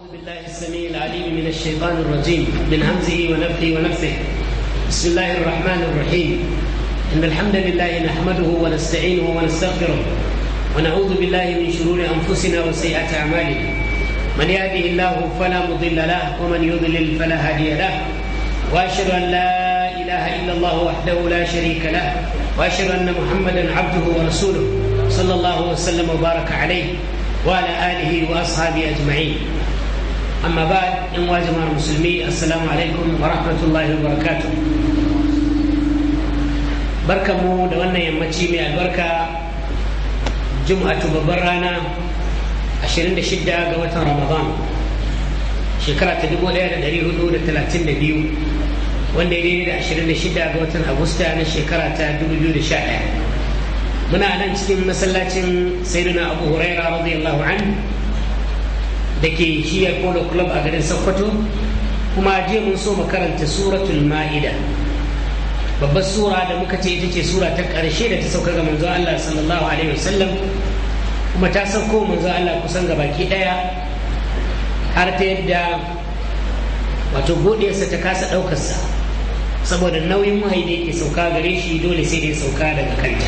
أعوذ بالله السميع العليم من الشيطان الرجيم من همزه ونفخه ونفسه بسم الله الرحمن الرحيم إن الحمد لله نحمده ونستعينه ونستغفره ونعوذ بالله من شرور أنفسنا وسيئات أعمالنا من يهده الله فلا مضل له ومن يضلل فلا هادي له وأشهد أن لا إله إلا الله وحده لا شريك له وأشهد أن محمدا عبده ورسوله صلى الله وسلم وبارك عليه وعلى آله وأصحابه أجمعين amma ba yan wajimar musulmi assalamu alaikum wa rahmatullahi wa barakatu mu da wannan yammaci mai albarka jum'atu babbar rana 26 ga watan ramadan shekara ta 1432 wanda ya daidai da 26 ga watan agusta na shekara ta 2011 muna nan cikin masallacin sayyidina abu huraira radiyallahu anhu da ke jiya polo club a garin sokoto kuma je mun so mu karanta suratul ma'ida babbar sura da muka ce ita ce sura ta karshe da ta sauka ga manzo Allah sallallahu alaihi wasallam kuma ta sauko manzo Allah kusan ga baki ɗaya har ta yadda wato godiyarsa ta kasa ɗaukarsa saboda nauyin wahayi da yake sauka gare shi dole sai dai sauka daga kanta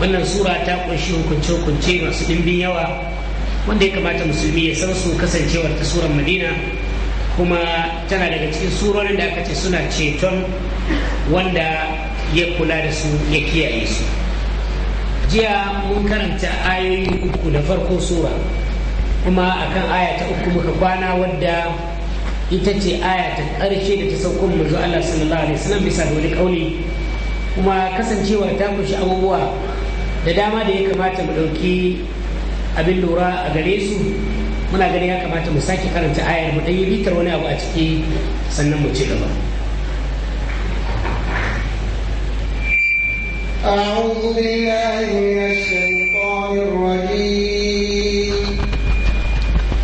wannan sura ta ƙunshi hukunce-hukunce masu ɗimbin yawa wanda ya kamata musulmi ya san su kasancewar ta surar madina kuma tana daga cikin surorin da aka ce suna ceton wanda ya kula da su ya kiyaye su jiya mun karanta ayoyi uku da farko sura kuma akan aya ta uku muka kwana wadda ita ce aya ta ƙarshe da ta sauko manzo Allah sallallahu alaihi wasallam bisa da wani kauli kuma kasancewar ta kunshi abubuwa da dama da ya kamata mu ɗauki abin lura a gare su muna ganin ya kamata mu sake karanta ayar mu yi bitar wani abu a ciki sannan mu ci gaba أعوذ بالله من الشيطان الرجيم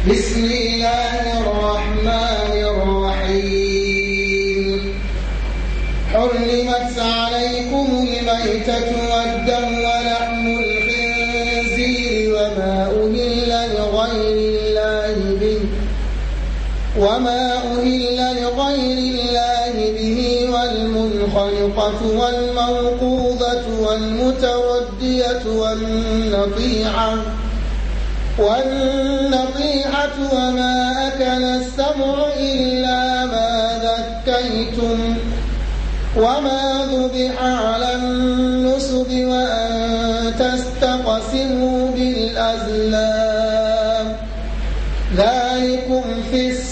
بسم الله الرحمن الرحيم حرمت عليكم الميتة وما أهل لغير الله به والمنخلقة والموقوضة والمتردية والنطيحة والنطيحة وما أكل السمع إلا ما ذكيتم وما ذبح على النسب وأن تستقسموا بالأزلام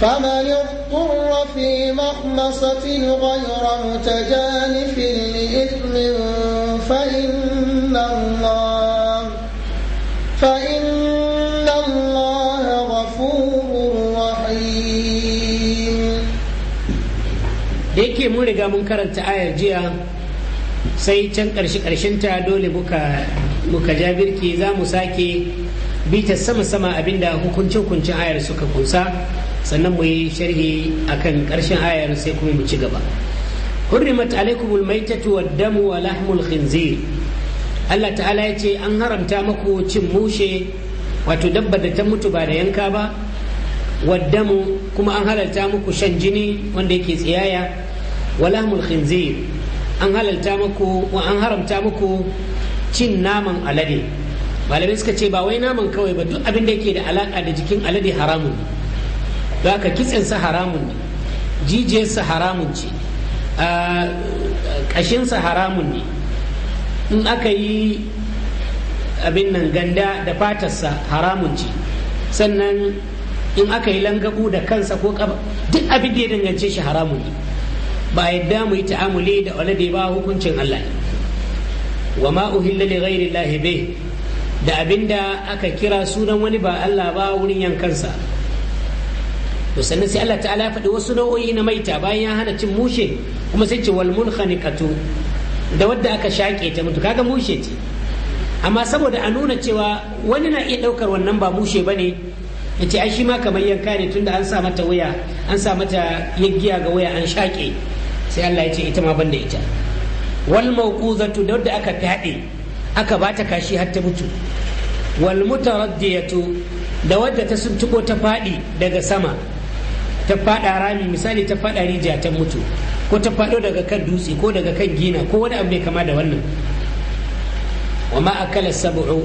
فمن اضطر في مخمصة غير متجانف لإثم فإن الله فإن الله غفور رحيم yake mun riga mun karanta ayar jiya sai can ƙarshe ta dole muka ja birki za mu sake bita sama-sama abinda hukuncin hukuncin ayar suka kusa. sannan mu yi sharhi akan ƙarshen ayar sai kuma mu ci gaba hurrimat alaikumul maitatu waddamu wa lahmul khinzir Allah ta'ala ya ce an haramta maku cin mushe wato dabba da ta mutu ba da yanka ba waddamu kuma an halalta muku shan jini wanda yake tsiyaya walahmul khinzir an halalta muku wa an haramta muku cin naman alade malamai suka ce ba wai naman kawai ba duk abin da yake da alaka da jikin alade haramun ne zaka kitsen sa haramun ne sa haramun ce sa haramun ne in aka yi abin nan ganda da fatarsa haramun ce sannan in aka yi langabu da kansa ko kaba duk abin da ya dangance shi haramun ne ba yadda mu yi ta'amuli da olade ba hukuncin Allah wa ma uhilla li ghairi Allah da abinda aka kira sunan wani ba Allah ba wurin yankansa to sannan sai Allah ta'ala ya faɗi wasu nau'o'i na maita bayan ya hana cin mushe kuma sai ce wal munkhaniqatu da wadda aka shaƙe ta mutu kaga mushe ce amma saboda a nuna cewa wani na iya ɗaukar wannan ba mushe bane yace ai shi ma kamar yanka ne tunda an sa mata waya an sa mata yaggiya ga waya an shaƙe sai Allah ya ce ita ma banda ita wal mawquzatu da wadda aka fyaɗe aka bata kashi har ta mutu wal mutaraddiyatu da wadda ta suntuko ta faɗi daga sama ta fada rami misali ta fada rijiya ta mutu ko ta fado daga kan dutse ko daga kan gina ko wani abu mai kama da wannan wa ma akala sab'u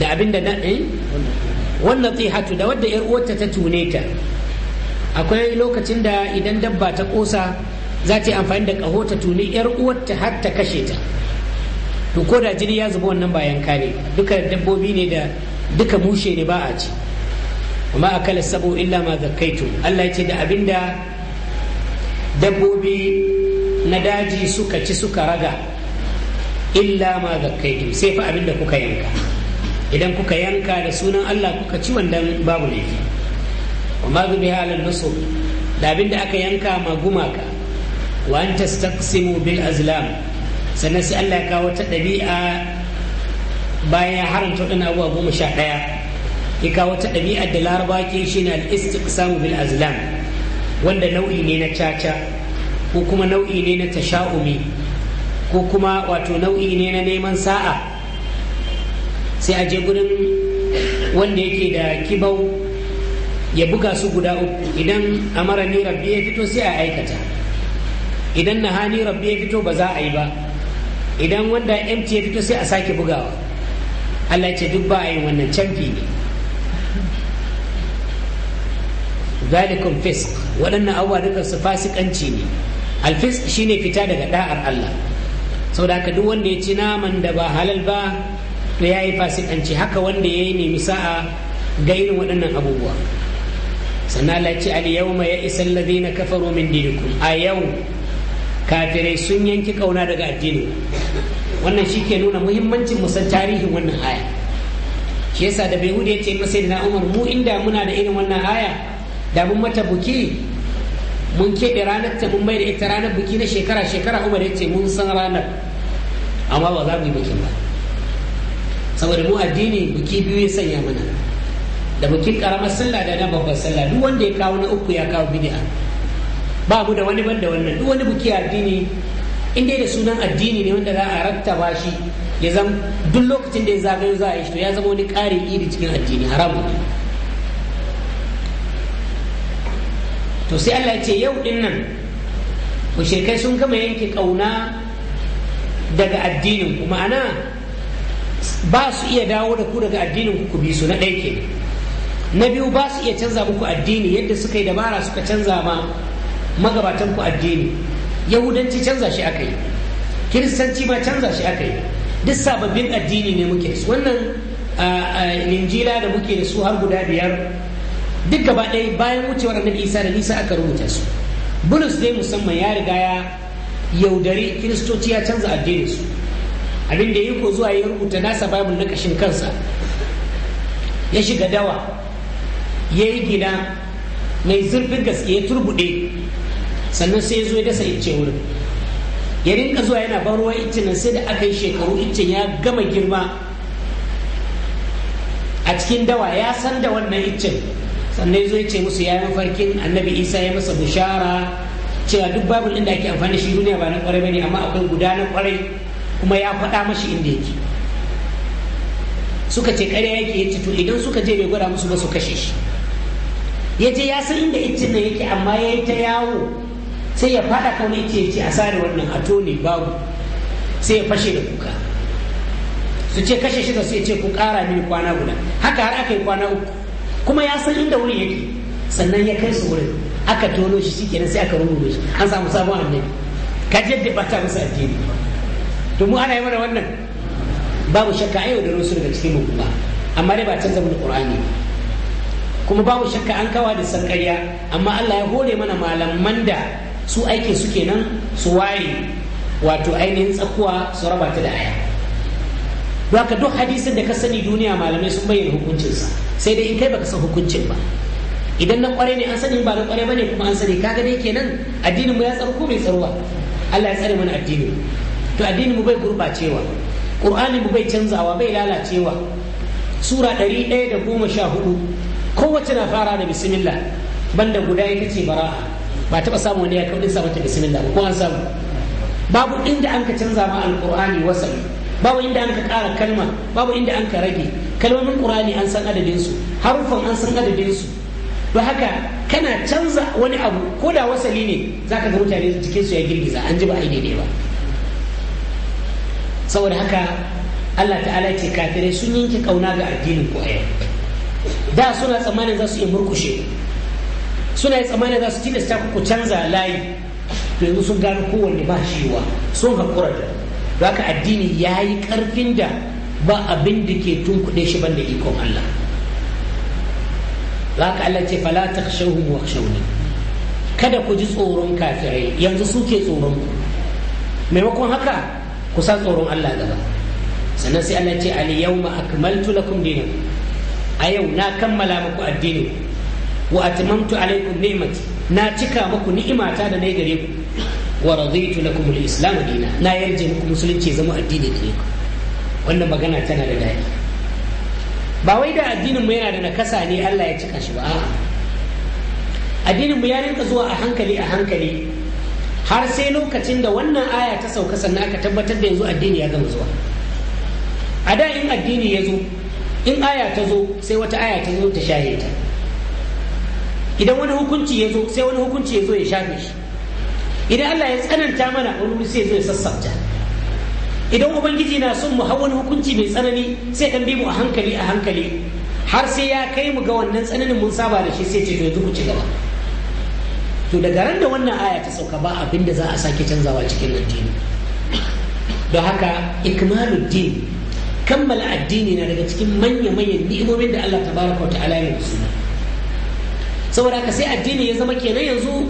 da abinda da eh wannan tsihatu da wadda yar uwarta ta tune ta akwai lokacin da idan dabba ta kosa za ta yi amfani da kaho ta tune yar uwarta har ta kashe ta to ko da jini ya zuba wannan bayan kare duka dabbobi ne da duka mushe ne ba a ci kuma akala sabu illa ma zakkaitum Allah ce da abinda dabbobi na daji suka ci suka raga illa ma zakkaitum sai fa abinda kuka yanka idan kuka yanka da sunan Allah kuka ci wannan babu laifi wa ma zubiha nusub da abinda aka yanka ma gumaka wa an tastaqsimu bil azlam sannan sai Allah ya kawo ta dabi'a bayan ya haramta waɗannan abubuwa goma sha ɗaya ya wata ɗabi'ar da laraba ke shi na istiqsamu bil azlam wanda nau'i ne na caca ko kuma nau'i ne na tasha'umi ko kuma wato nau'i ne na neman sa'a sai a je gurin wanda yake da kibau ya buga su guda uku idan amara ni rabbi ya fito sai a aikata idan na nahani rabbi ya fito ba za a yi ba idan wanda mt ya fito sai a sake bugawa Allah ce duk ba a yi wannan canfi ne zalikum fisq waɗannan abubuwa duka su fasikanci ne alfisq shine fita daga da'ar Allah saboda haka duk wanda ya ci naman da ba halal ba to yayi fasikanci haka wanda ya nemi sa'a ga irin waɗannan abubuwa sannan Allah ya ce al yawma ya isal ladina kafaru min dinikum a yau kafirai sun yanki kauna daga addini wannan shi ke nuna muhimmancin musan tarihin wannan aya shi yasa da bai hude ya ce masai na umar mu inda muna da irin wannan aya da mun mata buki mun keɓe ranar ta mun mai da ita ranar buki na shekara shekara umar ya ce mun san ranar amma ba za mu yi bukin ba saboda mu addini buki biyu ya sanya mana da bukin karamar sallah da na babban sallah duk wanda ya kawo na uku ya kawo bid'a ba mu da wani banda wannan duk wani buki addini in dai da sunan addini ne wanda za a ba shi ya zama duk lokacin da ya zagayo za a yi shi to ya zama wani ƙari iri cikin addini haramun ne to sai Allah ya ce yau din nan mushrikai sun gama yanke kauna daga addinin ku ma'ana ba su iya dawo da ku daga addinin ku bi su na ɗaya ke na biyu ba su iya canza muku addini yadda suka yi dabara suka canza ma magabatan ku addini yahudanci canza shi aka yi kiristanci ma canza shi aka yi duk sababbin addini ne muke su wannan linjila da muke da su har guda biyar duk gaba ɗaya bayan wucewar annabi isa da nisa aka rubuta su bulus dai musamman ya riga ya yaudari kiristoci ya canza addinin su abin da yi ko zuwa ya rubuta nasa bible na kashin kansa ya shiga dawa ya yi gida mai zurfin gaske ya turbuɗe sannan sai ya zo ya dasa ice wurin ya rinka zuwa yana ban ruwan iccen nan sai da aka yi shekaru iccen ya gama girma a cikin dawa ya san da wannan iccen sannan zai ce musu ya yi mafarkin annabi isa ya masa bushara cewa duk babu inda ake amfani shi duniya ba na kwarai bane amma akwai guda na kwarai kuma ya faɗa mashi inda yake suka ce ƙarya yake yace to idan suka je bai gwada musu ba su kashe shi ya je ya san inda iccen nan yake amma ya yi ta yawo sai ya faɗa kawai wani yace a sare wannan a tone babu sai ya fashe da kuka su ce kashe shi da su ya ce ku ƙara mini kwana guda haka har aka yi kwana uku kuma ya san inda wurin yake sannan ya kai su wurin aka tono shi shi kenan sai aka rubuta shi an samu sabon annabi ka je da bata musu addini to mu ana yi mana wannan babu shakka ayo da rusul daga cikin mu amma dai ba canza mu qur'ani kuma babu shakka an kawa da sankariya amma Allah ya hore mana malaman da su aikin su kenan su waye wato ainihin tsakuwa su rabata da aya don ka duk hadisin da ka sani duniya malamai sun bayyana hukuncinsa sai dai in kai baka san hukuncin ba idan na kware ne an sani ba na kware bane kuma an sani kaga dai kenan addinin mu ya tsaro ko bai tsaruwa Allah ya tsare mana addini to addinin mu bai gurbacewa Qur'ani mu bai canzawa bai lalacewa sura 114 kowace na fara da bismillah banda guda ita ce bara'a ba taba samu wani ya kaudin sa mata bismillah ko an samu babu inda an ka canza ma alqur'ani wasali babu inda an ka ƙara kalma babu inda an ka rage kalmomin ƙur'ani an san adadinsu harufan an san adadinsu don haka kana canza wani abu ko da wasali ne za ka ga mutane jikinsu ya girgiza an ji ba a daidai ba saboda haka allah ta'ala ce kafirai sun yanke kauna ga addinin ko da suna tsammanin za su yi murkushe suna yi tsammanin za su tilasta ku canza layi to yanzu sun gano kowanne ba shiwa sun haƙura da haka addini ya yi ƙarfin da ba abin da ke tun kuɗe shi ban da ikon Allah haka Allah ce fala ta shauhun kada ku ji tsoron kafirai yanzu suke tsoron ku maimakon haka ku sa tsoron Allah gaba sannan sai Allah ce al-yawma akmaltu lakum dinakum a yau na kammala muku addini wa atmamtu alaikum ni'mati na cika muku ni'imata da nayi gare ku wa radaitu lakum al-islam dina na yarje muku musulunci zama addini ne wannan magana tana da daɗi ba wai da addinin mu yana da nakasa ne Allah ya cika shi ba a'a addinin mu ya rinka zuwa a hankali a hankali har sai lokacin da wannan aya ta sauka sannan aka tabbatar da yanzu addini ya gama zuwa a da in addini ya zo in aya ta zo sai wata aya ta zo ta shahe ta idan wani hukunci ya zo sai wani hukunci ya zo ya shafe shi idan Allah ya tsananta mana wani wuri sai zo ya sassafta idan ubangiji na son mu hawan hukunci mai tsanani sai dan bi mu a hankali a hankali har sai ya kai mu ga wannan tsananin mun saba da shi sai ce to yanzu ku ci gaba to daga ran da wannan aya ta sauka ba abin da za a sake canzawa cikin addini don haka din kammala addini na daga cikin manya-manyan ni'imomin da Allah tabaraka wa ta'ala ya da su saboda haka sai addini ya zama kenan yanzu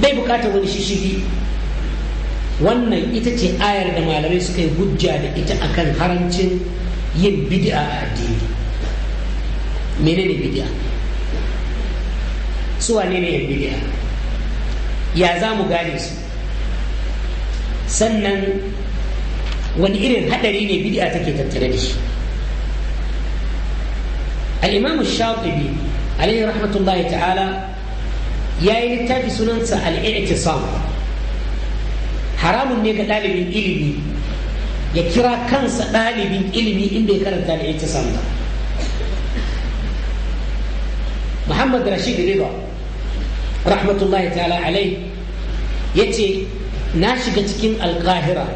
bai bukatar wani shishigi wannan ita ce ayar da malamai suka yi hujja da ita akan harancin yin bid'a a addini menene bid'a su wane ne yin bid'a ya za mu gane su sannan wani irin hadari ne bid'a take tattare da shi al imamu shafi'i alaihi rahmatullahi ta'ala ya yi littafi sunansa al'i'tisam haramun ne ga ɗalibin ilimi ya kira kansa ɗalibin ilimi in bai karanta al'i'tisam ba muhammad rashid riba rahmatullahi ta'ala alai ya ce na shiga cikin alkahira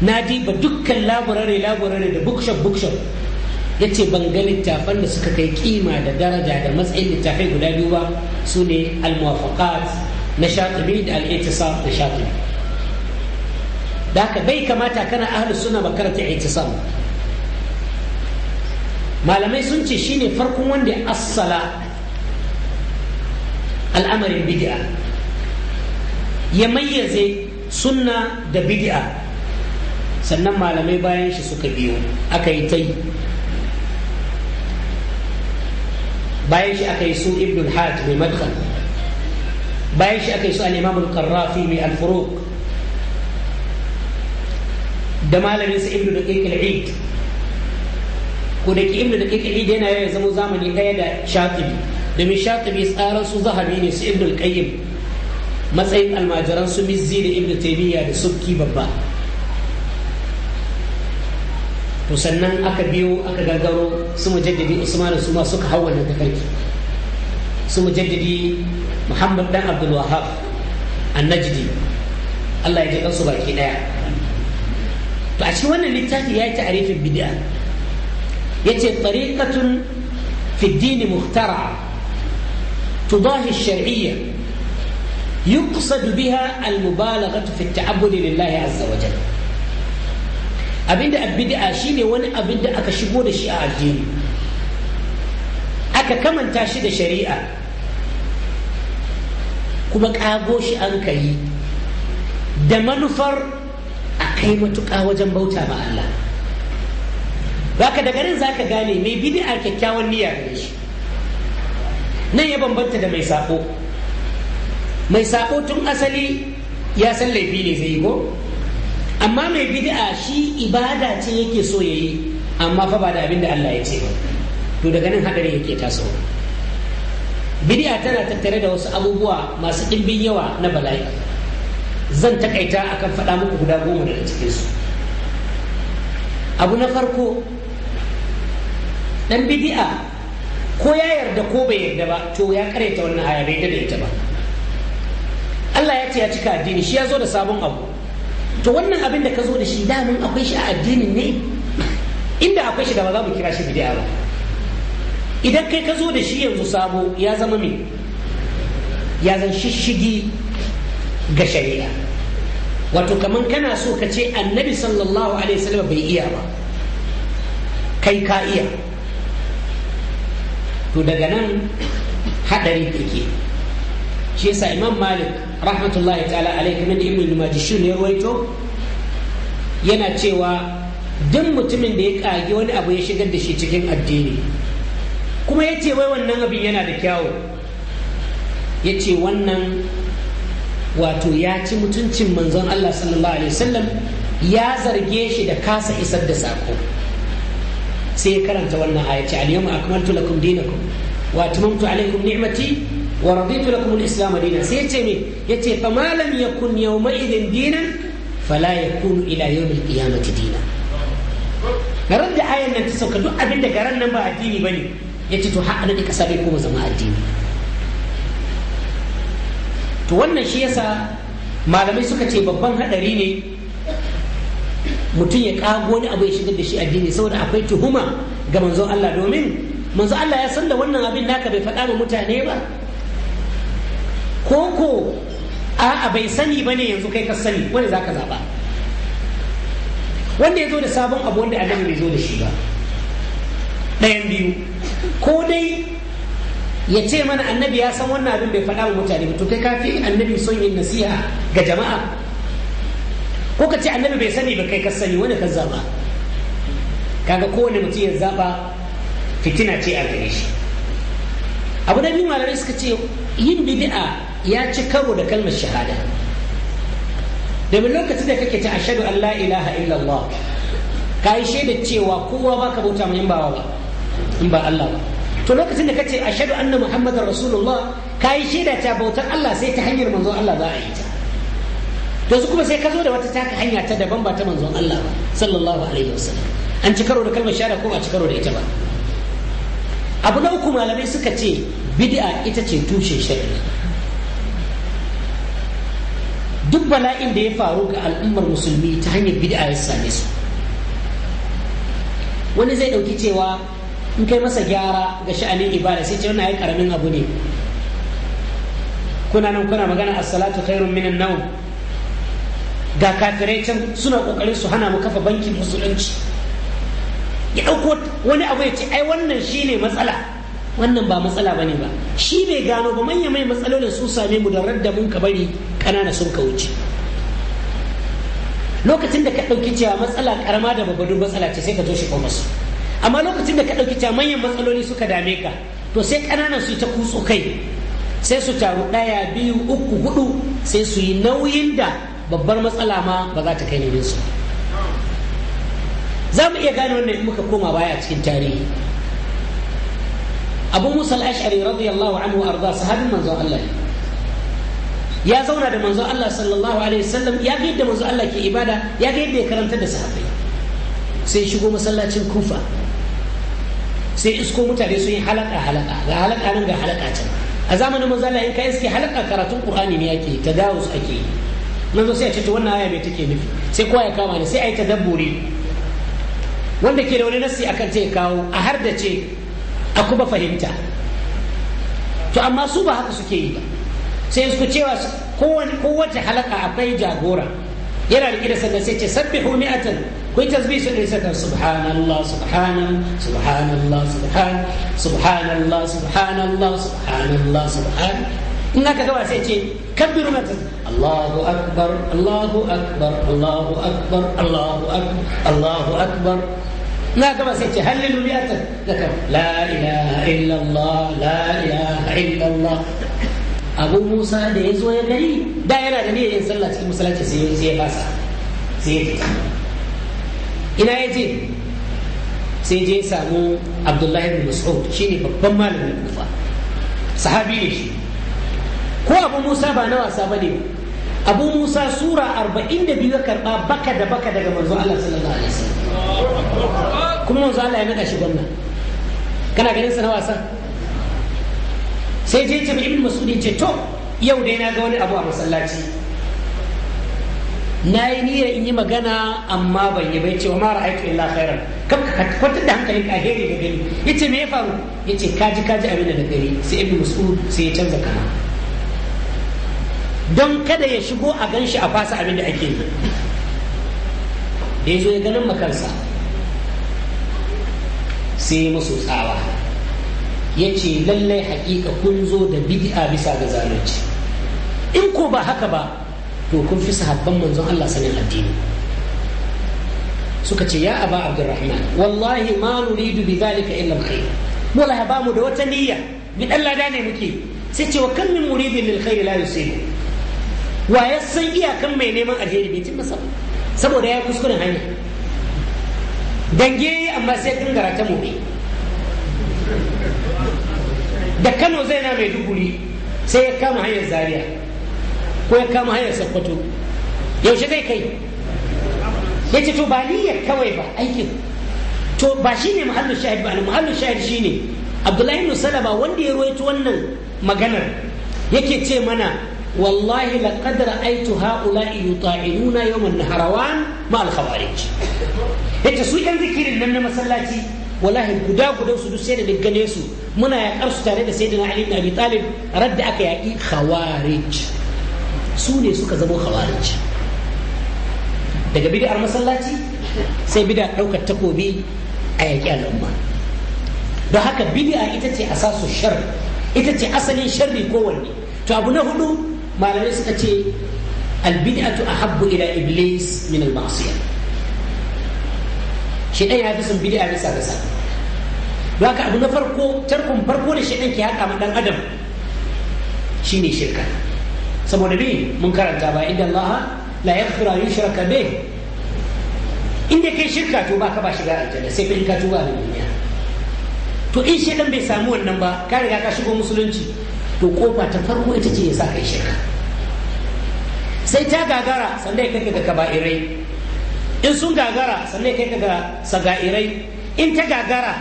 na diba dukkan laburare laburare da bookshop bookshop ya ce ban ga littafan da suka kai kima da daraja da matsayin littafai guda biyu ba su ne almuwafaqat na shatibi da al'itisam da shatibi da haka bai kamata kana ahli suna ba karanta itisam malamai sun ce shine farkon wanda ya assala al'amarin bid'a ya mayyaze sunna da bid'a sannan malamai bayan shi suka biyo aka yi ta yi bayan shi aka yi su ibn al-hajj mai madkhal bayan shi aka yi su al-imam al-qarrafi mai al-furuq da malamin sa ibn daqiq al-eid ko da ki ibn daqiq al-eid yana ya zama zamani daya da shatibi domin shatibi tsaran su zahabi ne su ibn al-qayyim matsayin almajiran su mizzi da ibn taymiya da subki babba to sannan aka biyo aka gargaro su mu jaddadi usman su ma suka hau wannan tafarki su mu jaddadi muhammad dan abdul wahab annajdi Allah ya ji kansu baki daya to a cikin wannan littafi ya yi ta'arifin bid'a yace tariqatun fi ad-din muhtara'a tudahi ash-shar'iyya يقصد بها المبالغة في التعبد لله عز وجل Abin da abinda shi ne wani abin da aka shigo da shi a addini aka kamanta shi da shari'a kuma kago shi an kai da manufar a kai matuƙa wajen bauta ma Allah baka da garin ka gane mai bidi'a kyakkyawan niyya ne shi nan ya bambanta da mai sako mai sako tun asali ya san laifi ne zai yi ko amma mai bid'a shi ibada ce yake so ya yi amma fa ba da abin da Allah ya ce ba to daga nan hadari yake taso bid'a tana tattare da wasu abubuwa masu ɗimbin yawa na bala'i zan takaita akan faɗa muku guda goma daga cikin su abu na farko dan bid'a ko ya yarda ko bai yarda ba to ya karaita wannan aya bai da ita ba Allah ya ce ya cika addini shi ya zo da sabon abu to wannan abin da ka zo da shi damin akwai shi a addinin ne inda akwai shi da ba za mu kira shi bidiya ba idan kai ka zo da shi yanzu sabo ya zama me ya zan shishigi ga shari'a wato kamar kana so ka ce annabi sallallahu alaihi wasallam bai iya ba kai ka iya to daga nan hadari take shi yasa imam malik rahmatullahi ta'ala alaihi kamar da ibn majishun ya yana cewa duk mutumin da ya kage wani abu ya shigar da shi cikin addini kuma ya ce wai wannan abin yana da kyawu ya ce wannan wato ya ci mutuncin manzon Allah sallallahu alaihi wasallam ya zarge shi da kasa isar da sako sai ya karanta wannan ayaci al-yawma akmaltu lakum dinakum wa atmamtu alaykum ni'mati wa raditu lakum al-islam dinan sai yace me yace fa ma lam yakun yawma idin dinan fala ya ila yawm al-qiyamati dinan garan da ayan nan ta sauka duk abin da garan nan ba addini bane yace to har annabi kasa bai koma zama addini to wannan shi yasa malamai suka ce babban hadari ne mutum ya kago wani abu ya shigar da shi addini saboda akwai tuhuma ga manzon Allah domin manzo Allah ya san da wannan abin naka bai faɗa wa mutane ba ko ko a'a bai sani ba ne yanzu kai ka sani wanda za ka zaɓa wanda ya zo da sabon abu wanda annabi bai zo da shi ba ɗayan biyu ko dai ya ce mana annabi ya san wannan abin bai faɗa wa mutane to kai kafi annabi son yin nasiha ga jama'a ko ka ce annabi bai sani ba kai ka sani wani ka zaɓa kaga kowane mutum ya zaɓa fitina ce a gare shi abu da biyu malamai suka ce yin bid'a ya ci karo da kalmar shahada domin lokacin da kake ta ashadu an la ilaha illallah ka yi shaida cewa kowa ba ka bauta mai bawa ba in ba Allah ba to lokacin da ka ce ashadu anna muhammadar rasulullah ka yi shaida ta bautar Allah sai ta hanyar manzon Allah za a yi ta to su kuma sai ka zo da wata taka hanya ta daban ba ta manzon Allah ba sallallahu alaihi wasallam an ci karo da kalmar shahada ko ba ci karo da ita ba abu na uku malamai suka ce bid'a ita ce tushen shari'a duk bala'in da ya faru ga al'ummar musulmi ta hanyar bid'a ya same su wani zai ɗauki cewa in kai masa gyara ga sha'anin ibada sai ce wannan ai karamin abu ne kuna nan kuna magana a salatu khairun minan nawm ga kafirai can suna kokarin su hana mu kafa bankin musulunci ya ɗauko wani abu ya ce ai wannan shi ne matsala wannan ba matsala bane ba shi bai gano ba manya mai matsalolin su same mu da radda mun ka bari kanana sun ka wuce lokacin da ka dauki cewa matsala karama da babbar matsala ce sai ka toshe ko masu amma lokacin da ka ɗauki cewa manyan matsaloli suka dame ka to sai kananan su ta kutsu kai sai su taru ɗaya biyu uku hudu sai su yi nauyin da babbar matsala ma ba za ta kai ne su za mu iya gane wannan in muka koma baya cikin tarihi abu musa al-ash'ari radiyallahu anhu arda sahabin manzon Allah ya zauna da manzon Allah sallallahu alaihi wasallam ya ga yadda manzon Allah ke ibada ya ga yadda ya karanta da sahabbai sai shigo masallacin kufa sai isko mutane sun yi halaka halaka ga halaka nan ga halaka can a zamanin manzon Allah in ka iske halaka karatun qur'ani ne yake tadawus ake yi manzo sai ya ce to wannan aya me take nufi sai kowa ya kama ne sai ayi tadabburi wanda ke da wani nasi akan ce kawo a har da ce a kuma fahimta to amma su ba haka suke yi ba sai su cewa kowace halaka akwai jagora yana riƙe da sannan sai ce sabbihu mi'atan ku yi tasbih su ɗin sakan subhanallah subhanan subhanallah subhan subhanallah subhanallah subhanallah subhan in aka gaba sai ce kabbiru mata Allahu akbar Allahu akbar Allahu akbar Allahu akbar Allahu akbar na gaba sai ce hallilu mi'atan zakar la ilaha illallah la ilaha illallah abu musa da ya zo ya gani da yana da niyyar sallah cikin masallaci sai ya fasa sai ya fita ina ya je sai je samu abdullahi bin mas'ud shine babban malamin kufa sahabi ne shi ko abu musa ba na wasa ba ne abu musa sura arba'in da biyu ya karɓa baka da baka daga manzo allah sallallahu alaihi wasallam kuma manzo Allah ya naɗa shi gwamna kana ganin sa na wasa sai je jami'in masudi ce to yau dai na ga wani abu a masallaci na yi niyyar in yi magana amma ban yi bai ce wa mara aiki illa khairan kam ka kwatar da hankalin ka heri da gani ya ce me ya faru ya ce kaji kaji abin da gari sai ibn mas'ud sai ya canza kama don kada ya shigo a ganshi a fasa abin da ake yi da ya zo ya ganin makarsa sai musu tsawa ya ce lallai haƙiƙa kun zo da bid'a bisa ga zalunci in ko ba haka ba to kun fi sahabban manzon Allah sanin addini suka ce ya aba abdurrahman wallahi ma nuridu bi zalika illa alkhair wallahi ba mu da wata niyya bi dan lada ne muke sai ce wa kan min muridin lil khair la yusibu wa yasan iyakan mai neman alheri bai timma sabon saboda ya kuskuren hanya dange amma sai gangara ta mobe da kano zai na mai duguri sai ya kama hanyar zaria ko ya kama hanyar sokoto yaushe zai kai ya ce to ba niyyar kawai ba aikin to ba shi ne mahallin shahid ba mahallin shahid shi ne abdullahi ibn wanda ya ruwaito wannan maganar yake ce mana والله لقد رأيت هؤلاء na يوم النهروان مع الخوارج yace su yan zikirin nan na masallaci wallahi guda guda su duk sai da gane su muna yakar su tare da sayyidina Ali ibn Abi Talib radda aka yaki khawarij su ne suka zamo khawarij daga bid'ar masallaci sai bid'ar daukar takobi a yaki al'umma da haka bid'a ita ce asasu shar ita ce asalin sharri kowanne to abu na hudu malamai suka ce albid'atu ahabbu ila iblis min al-ma'siyah shedan ya fi son bid'a bisa ga sabo don haka abu na farko tarkon farko da shedan ke haka ma dan adam shine shirka saboda bi mun karanta ba inda Allah la yaghfiru an yushraka bih inda kai shirka to ba ka ba shiga aljanna sai kai ka tuba da duniya to in shedan bai samu wannan ba ka riga ka shigo musulunci to kofa ta farko ita ce ya sa kai shirka sai ta gagara sannan ya kai ga kaba'irai in sun gagara sannan ya kai ga saga'irai in ta gagara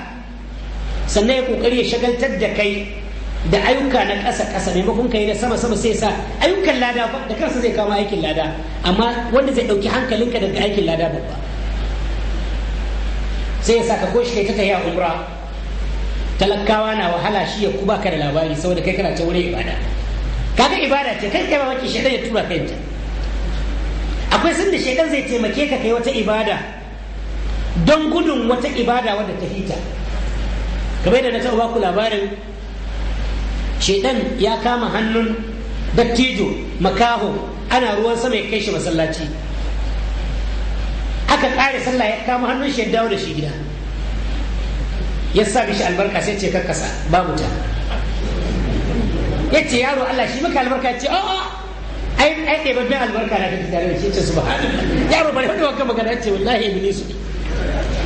sannan ya kokari ya shagaltar da kai da ayyuka na ƙasa ƙasa maimakon kai na sama sama sai sa ayyukan lada da kansa zai kama aikin lada amma wanda zai ɗauki hankalinka daga aikin lada babba sai ya sa ka koshi kai ta ta a umra talakawa na wahala shi ya kuba ka da labari saboda kai kana ta wurin ibada kaga ibada ce kai kai mamaki shaidan ya tura kai ta akwai sun da shaidan zai taimake ka kai wata ibada don gudun wata ibada wadda ta hita kamar yadda na taɓa baku labarin shedan ya kama hannun dattijo makaho ana ruwan sama ya kai shi masallaci aka ƙare sallah ya kama hannun shi ya dawo da shi gida ya sa mishi albarka sai ce karkasa babu ta ya ce yaro Allah shi muka albarka ya ce a'a ai ai ke babban albarka na kake tare da shi ce subhanallah yaro bari hudu wanka magana ya ce wallahi iblisu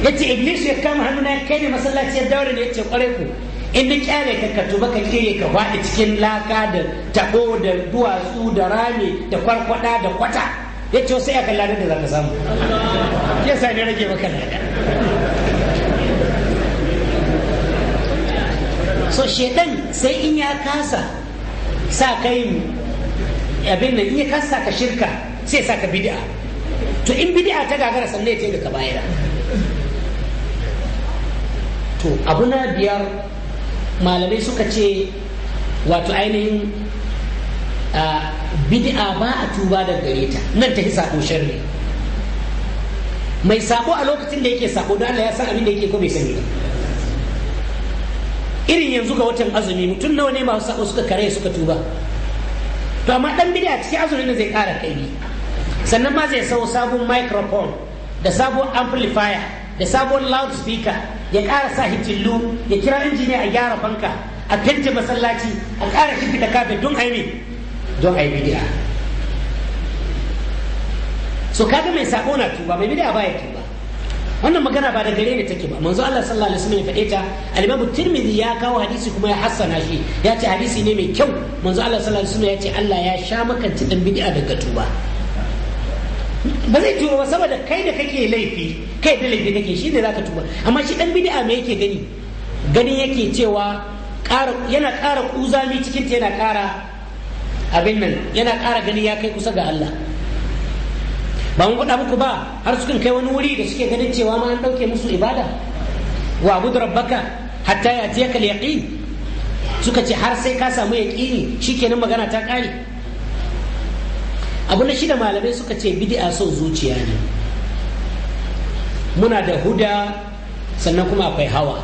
ya ce iblisu ya kama hannuna ya kai ne masallaci ya daure ne ya ce kware ku in da kyale ka ka tuba ka kire ka faɗi cikin laka da tabo da duwatsu da rami da kwarkwada da kwata ya ce sai ya kalla da za ka samu ya sa ne rage maka laka so shedan sai in ya kasa sa ka abin nan in ya kasa ka shirka sai sa ka bid'a to in bid'a ta gagara sannan ya ce ka bayira to abu na biyar malamai suka ce wato ainihin bid'a ba a tuba da gare ta nan ta hisa ko sharri mai sako a lokacin da yake sako da Allah ya san abin da yake ko bai sani ba irin yanzu ga watan azumi mutum nawa ne masu sabo suka kare suka tuba to amma dan bid'a cikin azumin da zai ƙara kai sannan ma zai sau sabon microphone da sabon amplifier da sabon loudspeaker ya kara sa hitillu ya kira injiniya a gyara fanka a fenti masallaci a kara kifi da kafe don aimi don ai bid'a so kaga mai sako na tuba mai bid'a ba ya tuba wannan magana ba da gare ne take ba manzo Allah sallallahu alaihi wasallam ya faɗe ta al-Imam Tirmidhi ya kawo hadisi kuma ya hassana shi ya ce hadisi ne mai kyau manzo Allah sallallahu alaihi wasallam ya ce Allah ya sha makanci dan bid'a daga tuba ba zai tuba saboda kai da kake laifi kai da laifi kake shi ne zaka tuba amma shi dan bid'a me yake gani gani yake cewa yana ƙara kuzami cikin ta yana ƙara abin nan yana ƙara gani ya kai kusa ga Allah ba mu faɗa muku ba har sukan kai wani wuri da suke ganin cewa ma an ɗauke musu ibada wa abu rabbaka hatta ya ce kal yaqin suka ce har sai ka samu yaqini shikenan magana ta kare abu na shida malamai suka ce bid'a son zuciya ne muna da huda sannan kuma akwai hawa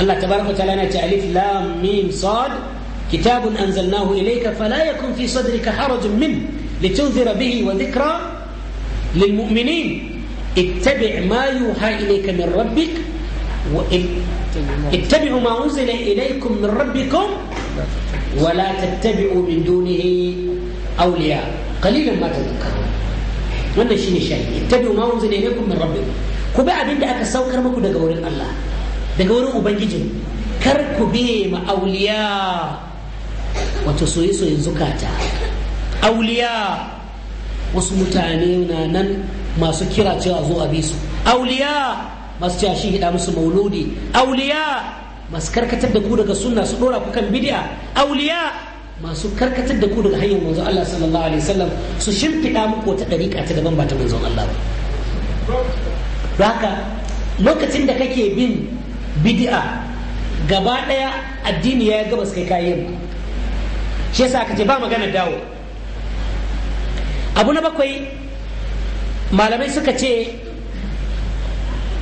Allah tabaraka ta'ala yana ce alif lam mim sad kitabun anzalnahu ilayka fala yakun fi sadrika harajun min لتنذر به وذكرى للمؤمنين اتبع ما يوحى إليك من ربك اتبعوا ما أنزل إليكم من ربكم ولا تتبعوا من دونه أولياء قليلا ما تذكرون bi abin aka saukar muku daga daga wurin ubangijin kar ku bi ma zukata auliya wasu mutane na nan masu kira cewa zo a su auliya masu cewa shi hida musu mauludi auliya masu karkatar da ku daga suna su dora ku kan bid'a auliya masu karkatar da ku daga hanyar manzon Allah sallallahu alaihi wasallam su shimfiɗa muku wata dariƙa ta daban ba ta manzon Allah ba haka lokacin da kake bin bid'a gaba daya addini ya gabas kai kayan shi yasa ka ce ba magana dawo abu na bakwai malamai suka ce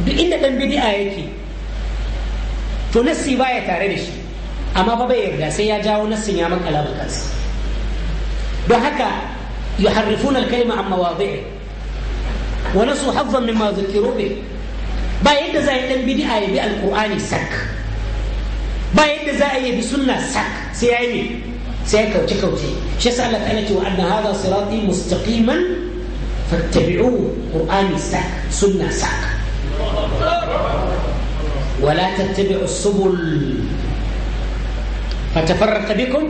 duk inda ɗan bidi'a yake to nassi baya tare da shi amma fa bai yarda sai ya jawo nassin ya makala kansa don haka yuharrifuna al-kalima amma mawadi'i wa su hazzan min zukiru bi ba yadda za a yi ɗan bidi'a ya bi alkur'ani sak ba yadda za a yi bi sunna sak sai ya yi sai ya kauce kauce shi yasa Allah ta'ala cewa anna hadha sirati mustaqiman fattabi'uhu qur'ani sak ولا تتبعوا السبل فتفرق بكم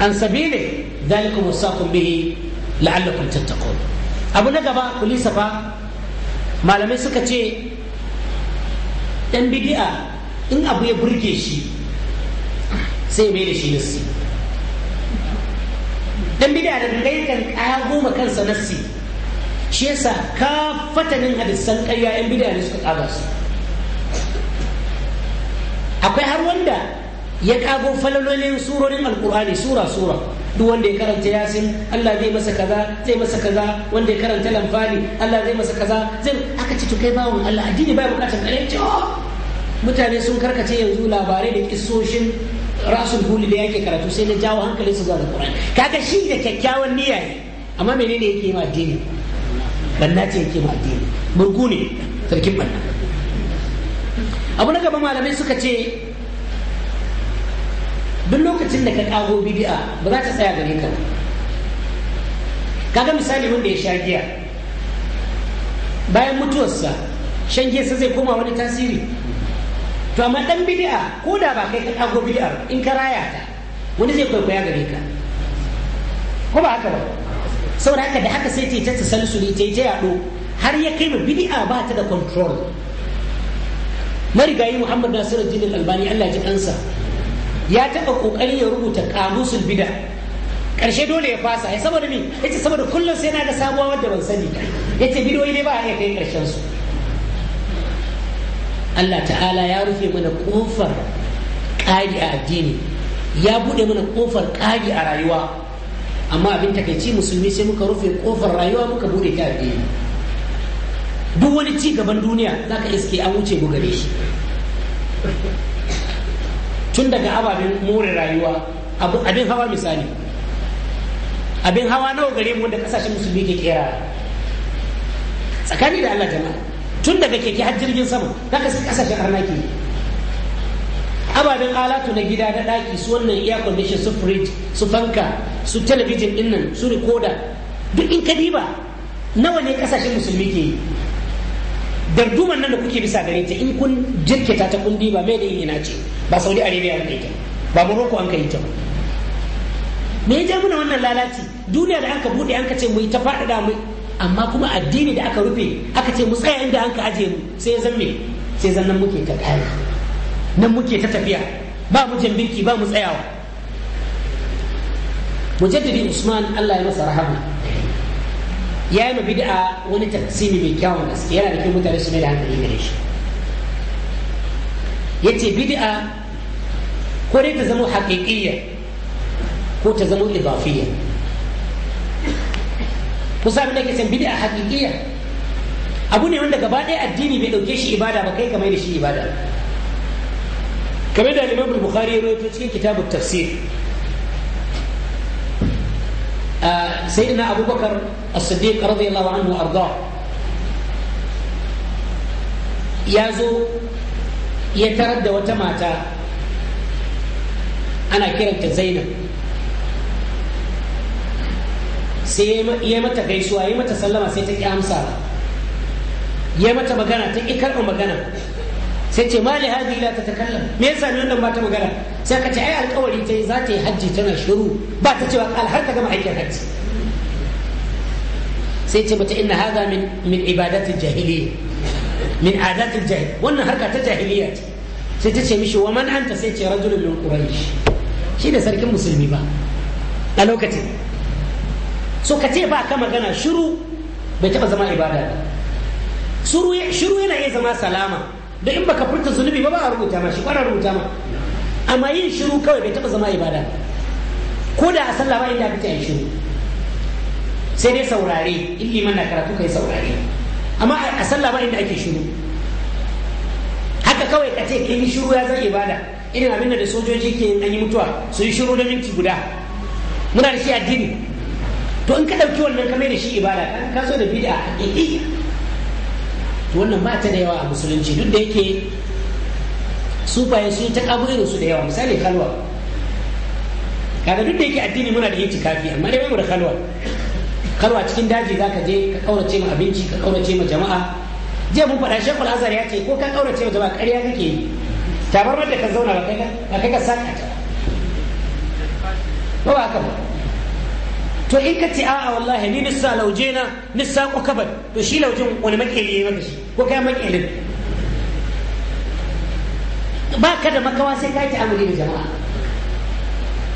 عن سبيله ذلكم وصاكم به la'allakum tattaqun abu na gaba ku lissafa malamai suka ce dan bid'a in abu ya burge shi sai mai da shi nassi dan bid'a da kai kan kaya goma kansa nassi shi yasa ka fatanin hadisan ƙarya yan bid'a ne suka kaba su akwai har wanda ya kago falalolin surorin alkur'ani sura sura duk wanda ya karanta yasin Allah zai masa kaza zai masa kaza wanda ya karanta lamfani Allah zai masa kaza zai aka ci to kai bawon Allah addini bai bukatar kare oh! mutane sun karkace yanzu labarai da kissoshin rasul huli da yake karatu sai na jawo hankali su zuwa ga qur'ani kaga shi da kyakkyawan niyya ne amma menene yake yi ma addini banna ce yake ma addini murgu ne sarkin banna abu na gaba malamai suka ce duk lokacin da ka kago bibiya ba za ta tsaya gare ka kaga misali wanda ya sha giya bayan mutuwarsa shan giya sai zai koma wani tasiri to amma dan bid'a ko da ba kai ka kago bid'ar in ka raya ta wani zai kwaikwaya gare ka ko ba haka ba saboda haka da haka sai ta ta ne ta yi ta yaɗo har ya kai ma bidi'a ba ta da control marigayi muhammad nasiru jinin albani allah ji ɗansa ya taɓa ƙoƙari ya rubuta ƙamusul bid'a ƙarshe dole ya fasa ya saboda ya yace saboda kullum sai na da sabuwa wadda ban sani yace bidoyi ne ba a iya kai ƙarshen su Allah ta'ala ya rufe mana kofar ƙari a addini ya buɗe mana kofar ƙari a rayuwa amma abin takaici musulmi sai muka rufe kofar rayuwa muka buɗe ta addini duk wani ci gaban duniya za ka iske an wuce mu gare shi tun daga ababen more rayuwa abin hawa misali abin hawa nawa gare mu wanda kasashen musulmi ke kera tsakani da Allah jama'a tun daga keke har jirgin sama za ka kasashen arnaki ke ababen alatu na gida na ɗaki su wannan air condition su fridge su fanka su talabijin dinnan su rikoda duk in ka diba nawa ne kasashen musulmi ke yi darduman nan da kuke bisa gare ta in kun jirkita ta kun diba mai da ina ce ba saudi arabia an kai ta ba morocco an kai ta ba me ya ja mana wannan lalaci duniya da an ka buɗe an ka ce mu ta faɗaɗa mu amma kuma addini da aka rufe aka ce mu tsaya inda an ka aje mu sai zan me sai zan nan muke ta kare nan muke ta tafiya ba mu jambirki ba mu tsayawa mujaddidi usman Allah ya masa rahama ya yi bid'a wani tafsiri mai kyawun gaske yana da kyau mutane su ne da hankali gare shi Ya yace bid'a ko dai ta zama haƙiƙiyya ko ta zama ibafiyya kusa ke san bid'a hakikiya abu ne wanda gaba ɗaya addini bai ɗauke shi ibada ba kai kamar da shi ibada kamar da limam bukhari ya rawaito cikin kitabut tafsir sayyidina abubakar as-siddiq radiyallahu anhu arda ya zo ya tarar da wata mata ana kiranta zainab sai ya mata gaisuwa ya mata sallama sai ta ki amsa ya mata magana ta ki karɓar magana sai ce ma lihadi la ta takallam me yasa ne wannan mata magana sai ka ce ai alƙawari ta za ta yi hajji tana shiru ba ta cewa kal har ta gama aikin hajji sai ce mata inna hadha min min ibadatil jahiliyya min adatil jahil wannan harka ta jahiliya ce sai ta ce mishi wa man anta sai ce rajulun min quraish shi da sarkin musulmi ba a lokacin so ka ce ba ka magana shiru bai taɓa zama ibada ba shiru yana iya zama salama da in baka furta zunubi ba ba a rubuta ma shi kwana rubuta ma amma yin shiru kawai bai taɓa zama ibada ko da a sallah ba inda fita yin shiru sai dai saurare in liman na karatu kai saurare amma a sallah ba inda ake shiru haka kawai ka ce kai shiru ya zama ibada irin abin da sojoji ke an yi mutuwa su yi shiru da minti guda muna da shi addini to in ka ɗauki wannan kamar da shi ibada ka so da bid'a haƙiƙi to wannan ba ta da yawa a musulunci duk da yake su sun yi ta kaburin su da yawa misali kalwa kaga duk da yake addini muna da yaci kafi amma dai mu da kalwa kalwa cikin daji zaka je ka kaurace ma abinci ka kaurace ma jama'a je mun faɗa shekul azhar ya ce ko ka kaurace ma jama'a ƙarya kake yi tabarmar da ka zauna ba kai ka saka ta ba ba haka ba to in ka ce a'a wallahi ni nissa lauje na nissa ko kabar to shi laujin wani makeli ya maka shi ko kai makelin ba ka da makawa sai ka yi ta'amuli da jama'a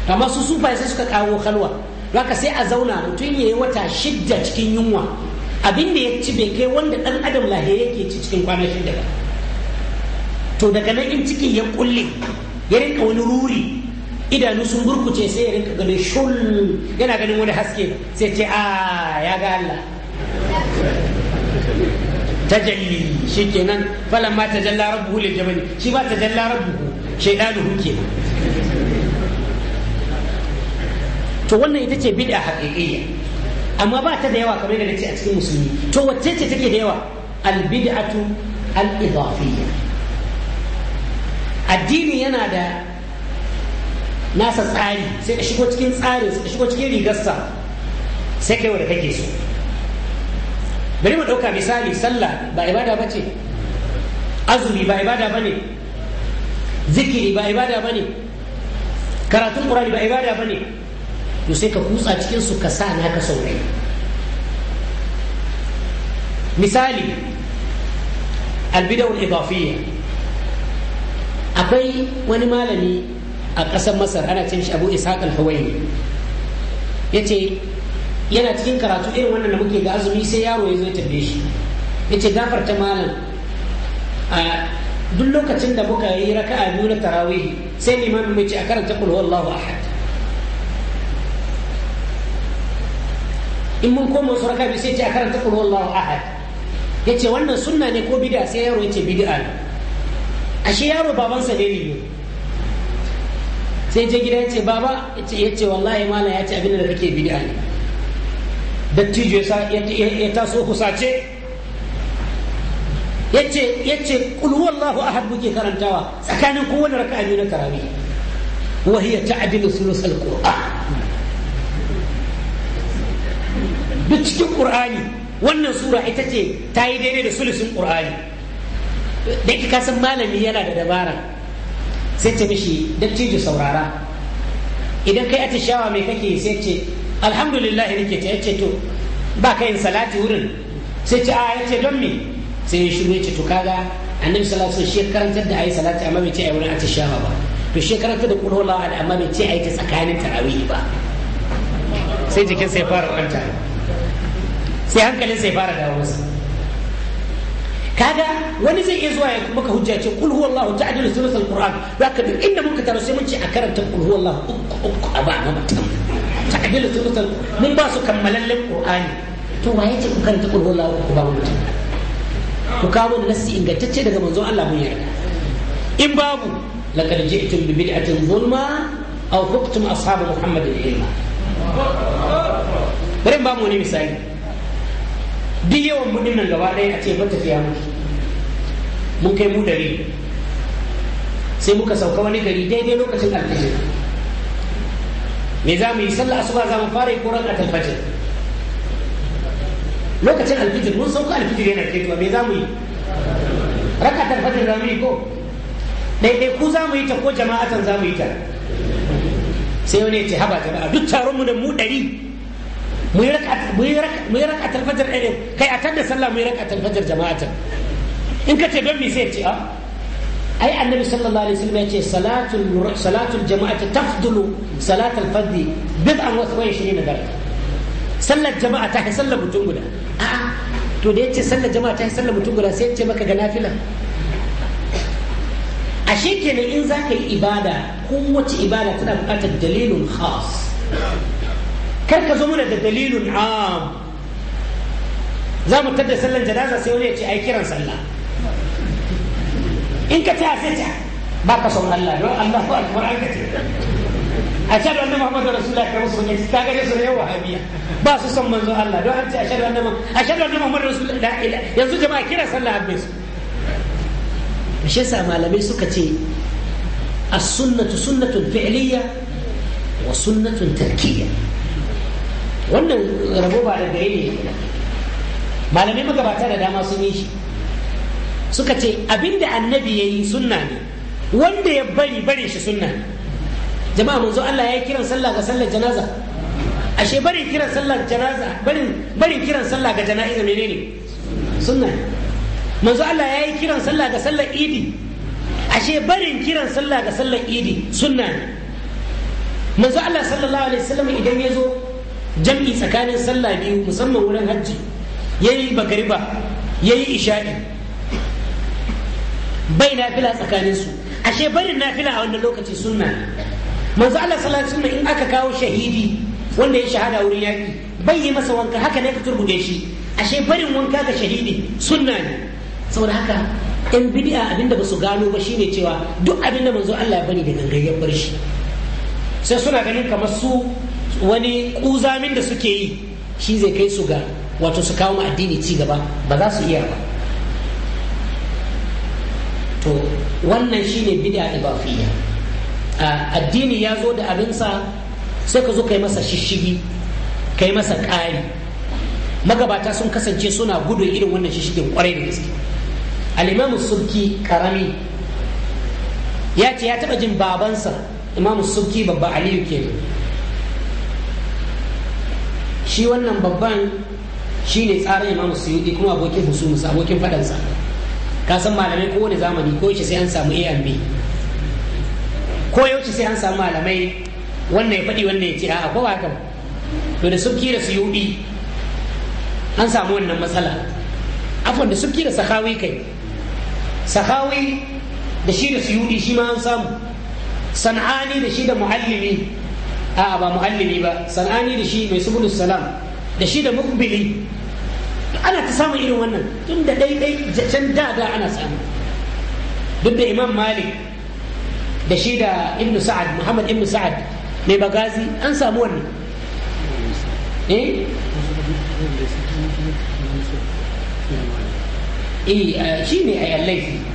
Kamar su sufa sai suka kawo kalwa ka sai a zauna mutum ya yi wata shidda cikin yunwa abin da ya ci bai kai wanda dan adam lahiya yake ci cikin kwana shidda ba to daga nan in cikin ya kulle ya rinka wani ruri idanu sun burkuce sai ya rinka ganin shul yana ganin wani haske sai ce a ah, ya ga Allah tajalli shikenan falan ma tajalla rabbuhu lil jabal shi ba tajalla rabbuhu shaydanuhu huke. to wannan ita ce bid'a haqiqiyya amma ba ta da yawa kamar yadda ce a cikin musulmi to wacce ce take da yawa al bid'atu al idafiyya addini yana da nasa tsari sai ka shigo cikin tsarin ka shigo cikin rigarsa sai kai wanda kake so bari mu ɗauka misali sallah ba ibada ba ce azumi ba ibada ba ne zikiri ba ibada ba ne karatun ƙurani ba ibada ba ne to sai ka kutsa cikin su ka sa naka saurayi misali albidawul idafiyya akwai wani malami a ƙasar masar ana cin shi abu ishaq al-hawaii ya ce yana cikin karatu irin wannan da muke ga azumi sai yaro ya zo tambaye shi ya ce gafar ta malam a duk lokacin da muka yi raka'a biyu na tarawih sai limamin mai ce a karanta qul huwallahu ahad in mun koma su raka'a biyu sai ce a karanta qul huwallahu ahad ya ce wannan sunna ne ko bid'a sai yaro ya ce bid'a ne ashe yaro babansa ne ne sai je gida ya ce baba ya ce wallahi mala ya ce abin da kake bid'a ne dattijo ya taso kusace ya ce ya ce kulwallahu ahad muke karantawa tsakanin kowane raka'a biyu na tarawih wa hiya ta'dilu thuluthal qur'an duk cikin qur'ani wannan sura ita ce ta yi daidai da sulusun qur'ani da ka san malami yana da dabara sai ce mishi dattijo saurara idan kai atishawa mai kake sai ce alhamdulillah nake ta yace to ba ka yin salati wurin sai ce a yace don me sai ya shiru yace to kaga annabi sallallahu alaihi wasallam shi karantar da ayi salati amma bai ce ayi wurin atishawa ba to shi karantar da qur'an amma bai ce ayi ta tsakanin tarawih ba sai jikin sai fara kwanta sai hankalin sai fara dawo sai kaga wani zai iya zuwa ya maka hujja ce kul huwallahu ta'dilu suratul qur'an zaka duk inda muka taro sai mun ce a karanta kul huwallahu uku uku a ba mu ta'dilu suratul mun ba su kammalallen qur'ani to waye ce ku karanta kul huwallahu uku ba mu ku kawo nasi ingantacce daga manzon Allah mun yarda in babu laqad ji'tum bi bid'atin zulma aw kuntum ashabu muhammadin ilma bari ba mu ne misali duk yawan mu nan gaba ɗaya a ce ban tafiya mu mun kai mu dari sai muka sauka wani gari daidai lokacin alfajir me za mu yi sallah asuba za mu fara yi koran alfajir lokacin alfijir mun sauka alfijir yana ketuwa me za mu yi raka alfajir za mu yi ko daidai ku za mu yi ta ko jama'atan za mu yi ta sai wani ya ce haba jama'a duk taron mu da mu ɗari mu yi raka talfajar ɗaya kai a tadda sallah mu yi raka talfajar jama'atan in ka ce don me sai ce a ah? ai annabi sallallahu alaihi wasallam ya ce salatul salatul jama'ati tafdulu salatul fadhi bid'an wa 20 daraja sallar jama'a ta sallar mutum guda a'a to da yace sallar jama'a ta sallar mutum guda sai ya ce maka ga nafila ashe kenan in za ka yi ibada kowace ibada tana buƙatar dalilin khas kar ka zo mana da dalilun am za mu tadda sallan janaza sai wani ya ce ai kiran sallah in ka ta sai ta ba ka son Allah don Allah ba akbar an ka ce A ashhadu anna muhammadar rasulullah ka musu ne ta gare su ne wahabiya ba su son manzo Allah don an ce a ashhadu anna ashhadu anna muhammadar rasulullah yanzu jama'a kira sallah abin su shi yasa malamai suka ce as-sunnatu sunnatun fi'liyya wa sunnatun tarkiyya wannan rabo ba da gare ne malamai magabata da dama sun yi shi suka ce abinda annabi ya yi sunna ne wanda ya bari bare shi sunna ne jama'a manzo Allah ya yi kiran sallah ga sallar janaza ashe barin kiran sallar janaza barin bari kiran sallah ga janaza menene sunna ne manzo Allah ya yi kiran sallah ga sallar idi ashe barin kiran sallah ga sallar idi sunna ne manzo Allah sallallahu alaihi wasallam idan ya zo jam'i tsakanin sallah biyu musamman wurin hajji ya yi magariba ya yi isha'i bai na nafila tsakaninsu ashe barin fila a wannan lokaci sunna manzo Allah sallallahu alaihi in aka kawo shahidi wanda ya shahada wurin yaki bai yi masa wanka haka ne ka turbude shi ashe barin wanka ga shahidi sunna ne saboda haka yan bid'a abinda ba su gano ba shine cewa duk abinda manzo Allah ya bari da gangan ya bar shi sai suna ganin kamar su wani kuzamin da suke yi shi zai kai su ga wato su kawo addini ci gaba ba za su iya ba to wannan shine bid'a a addini ya zo da abinsa sai ka zo kai masa shishigi kai masa ƙari magabata sun kasance suna gudun irin wannan shishigin kwarai da gaske al'imamu sulki karami ya ce ya taɓa jin babansa imamu sulki babba aliyu kenan shi wannan babban shi ne tsarin imamu suyuti kuma abokin husumus abokin fadansa ka san malamai kowane zamani ko yaushe sai an samu a b ko yaushe sai an samu malamai wannan ya faɗi wannan ya ce a'a ko ba haka to da subki da suyuti an samu wannan matsala afon da subki da sahawi kai sahawi da shi da suyuti shi ma an samu san'ani da shi da muhallimi a'a ba muhallili ba sanani da shi mai subulus salam da shi da mukbili ana ta samun irin wannan tun da ɗaiɗai can da da ana samu duk da imam malik da shi da ibnu sa'ad muhammad ibnu sa'ad mai bagazi an samu wannan eh, eh shi ne a yallai.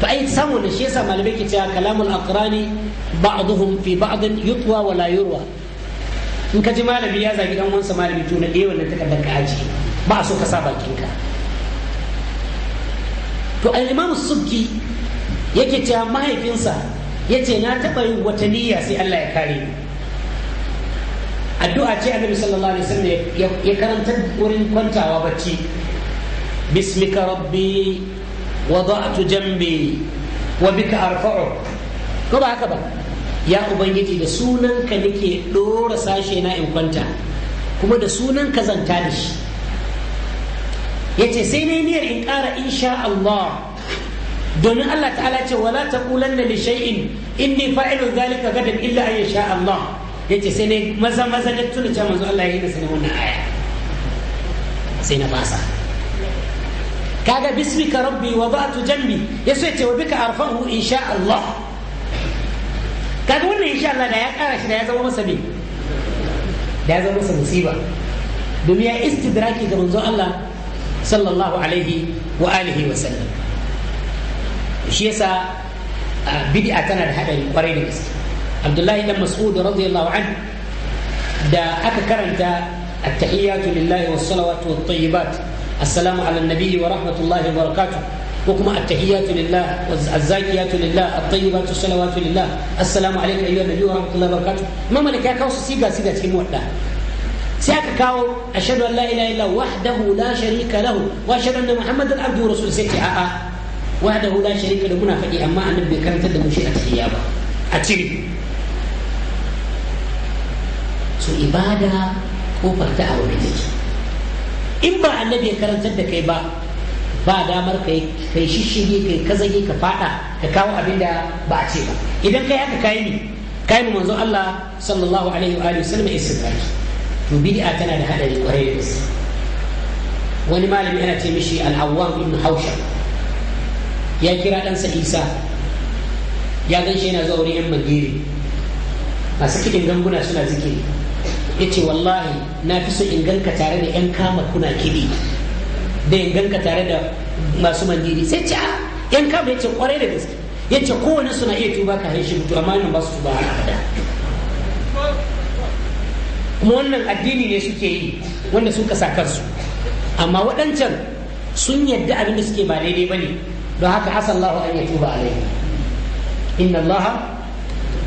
to ai samu ne shi yasa malamai ke cewa kalamul aqrani ba'dhum fi ba'd yutwa wa la yurwa in ka ji malami ya zagi dan wansa malami to na eh wannan takardar ka aji a so ka sa bakin ka to al-imam subki yake cewa mahaifinsa yace na taɓa yin wata niyya sai Allah ya kare ni addu'a ce annabi sallallahu alaihi wasallam ya karanta wurin kwantawa bacci bismika wada'tu jambi wa bika arfa'u ko ba haka ba ya ubangiji da sunanka nake dora sashe na in kwanta kuma da sunan ka zan da shi yace sai ne niyyar in ƙara insha Allah domin Allah ta'ala ce wala taqulanna li shay'in inni fa'ilu zalika gadan illa an yasha Allah yace sai ne maza maza da tuna ce manzo Allah ya yi na sanin wannan aya sai na fasa kaga bismika rabbi wada'tu jambi yaso yace wa bika arfahu insha Allah kaga wannan insha Allah da ya kara shi da ya zama masa da ya zama masa musiba domin ya istidraki ga manzon Allah sallallahu alaihi wa alihi wa sallam shi yasa bid'a tana da hadari kwarai da gaske Abdullahi dan Mas'ud radiyallahu anhu da aka karanta at-tahiyyatu lillahi was-salawatu wat-tayyibat assalamu ala nabiyyi wa rahmatullahi wa barakatuh ko kuma attahiyatu lillah azzakiyatu lillah at-tayyibatu salawatu lillah assalamu alayka ayyuhan nabiyyu wa rahmatullahi wa barakatuh imam malik ya kawo su siga siga cikin wadda sai aka kawo ashhadu an la ilaha illa wahdahu la sharika lahu wa ashhadu anna muhammadan abduhu wa rasuluhu sai ce a'a wahdahu la sharika lahu muna faɗi amma annabi bai karantar da mu shi a tahiyya ba a cire su ibada ko farta a wani take in ba annabi ya karantar da kai ba ba damar ka kai shishige kai kazage ka fada ka kawo abin da ba a ce ba idan kai haka kai ne kai mu manzo Allah sallallahu alaihi wa alihi wasallam istidraki to bid'a tana da hadari kwarai da gaske wani malami ana ce mishi al-awwam ibn hausha ya kira ɗansa isa ya gan yana zuwa wurin yan magiri masu kiɗin ganguna suna zikiri ya ce wallahi na fi so in ganka tare da 'yan kama kuna kiɗi da in ganka tare da masu mandiri sai ce a ah, 'yan kama ya ce kwarai da gaske ya ce kowane suna iya tuba ka shi mutu amma yana ba su tuba a kada kuma wannan addini ne suke yi wanda suka sa kansu amma waɗancan sun yadda abin da suke ba daidai ba ne don haka asallahu an ya tuba alaihi inna allaha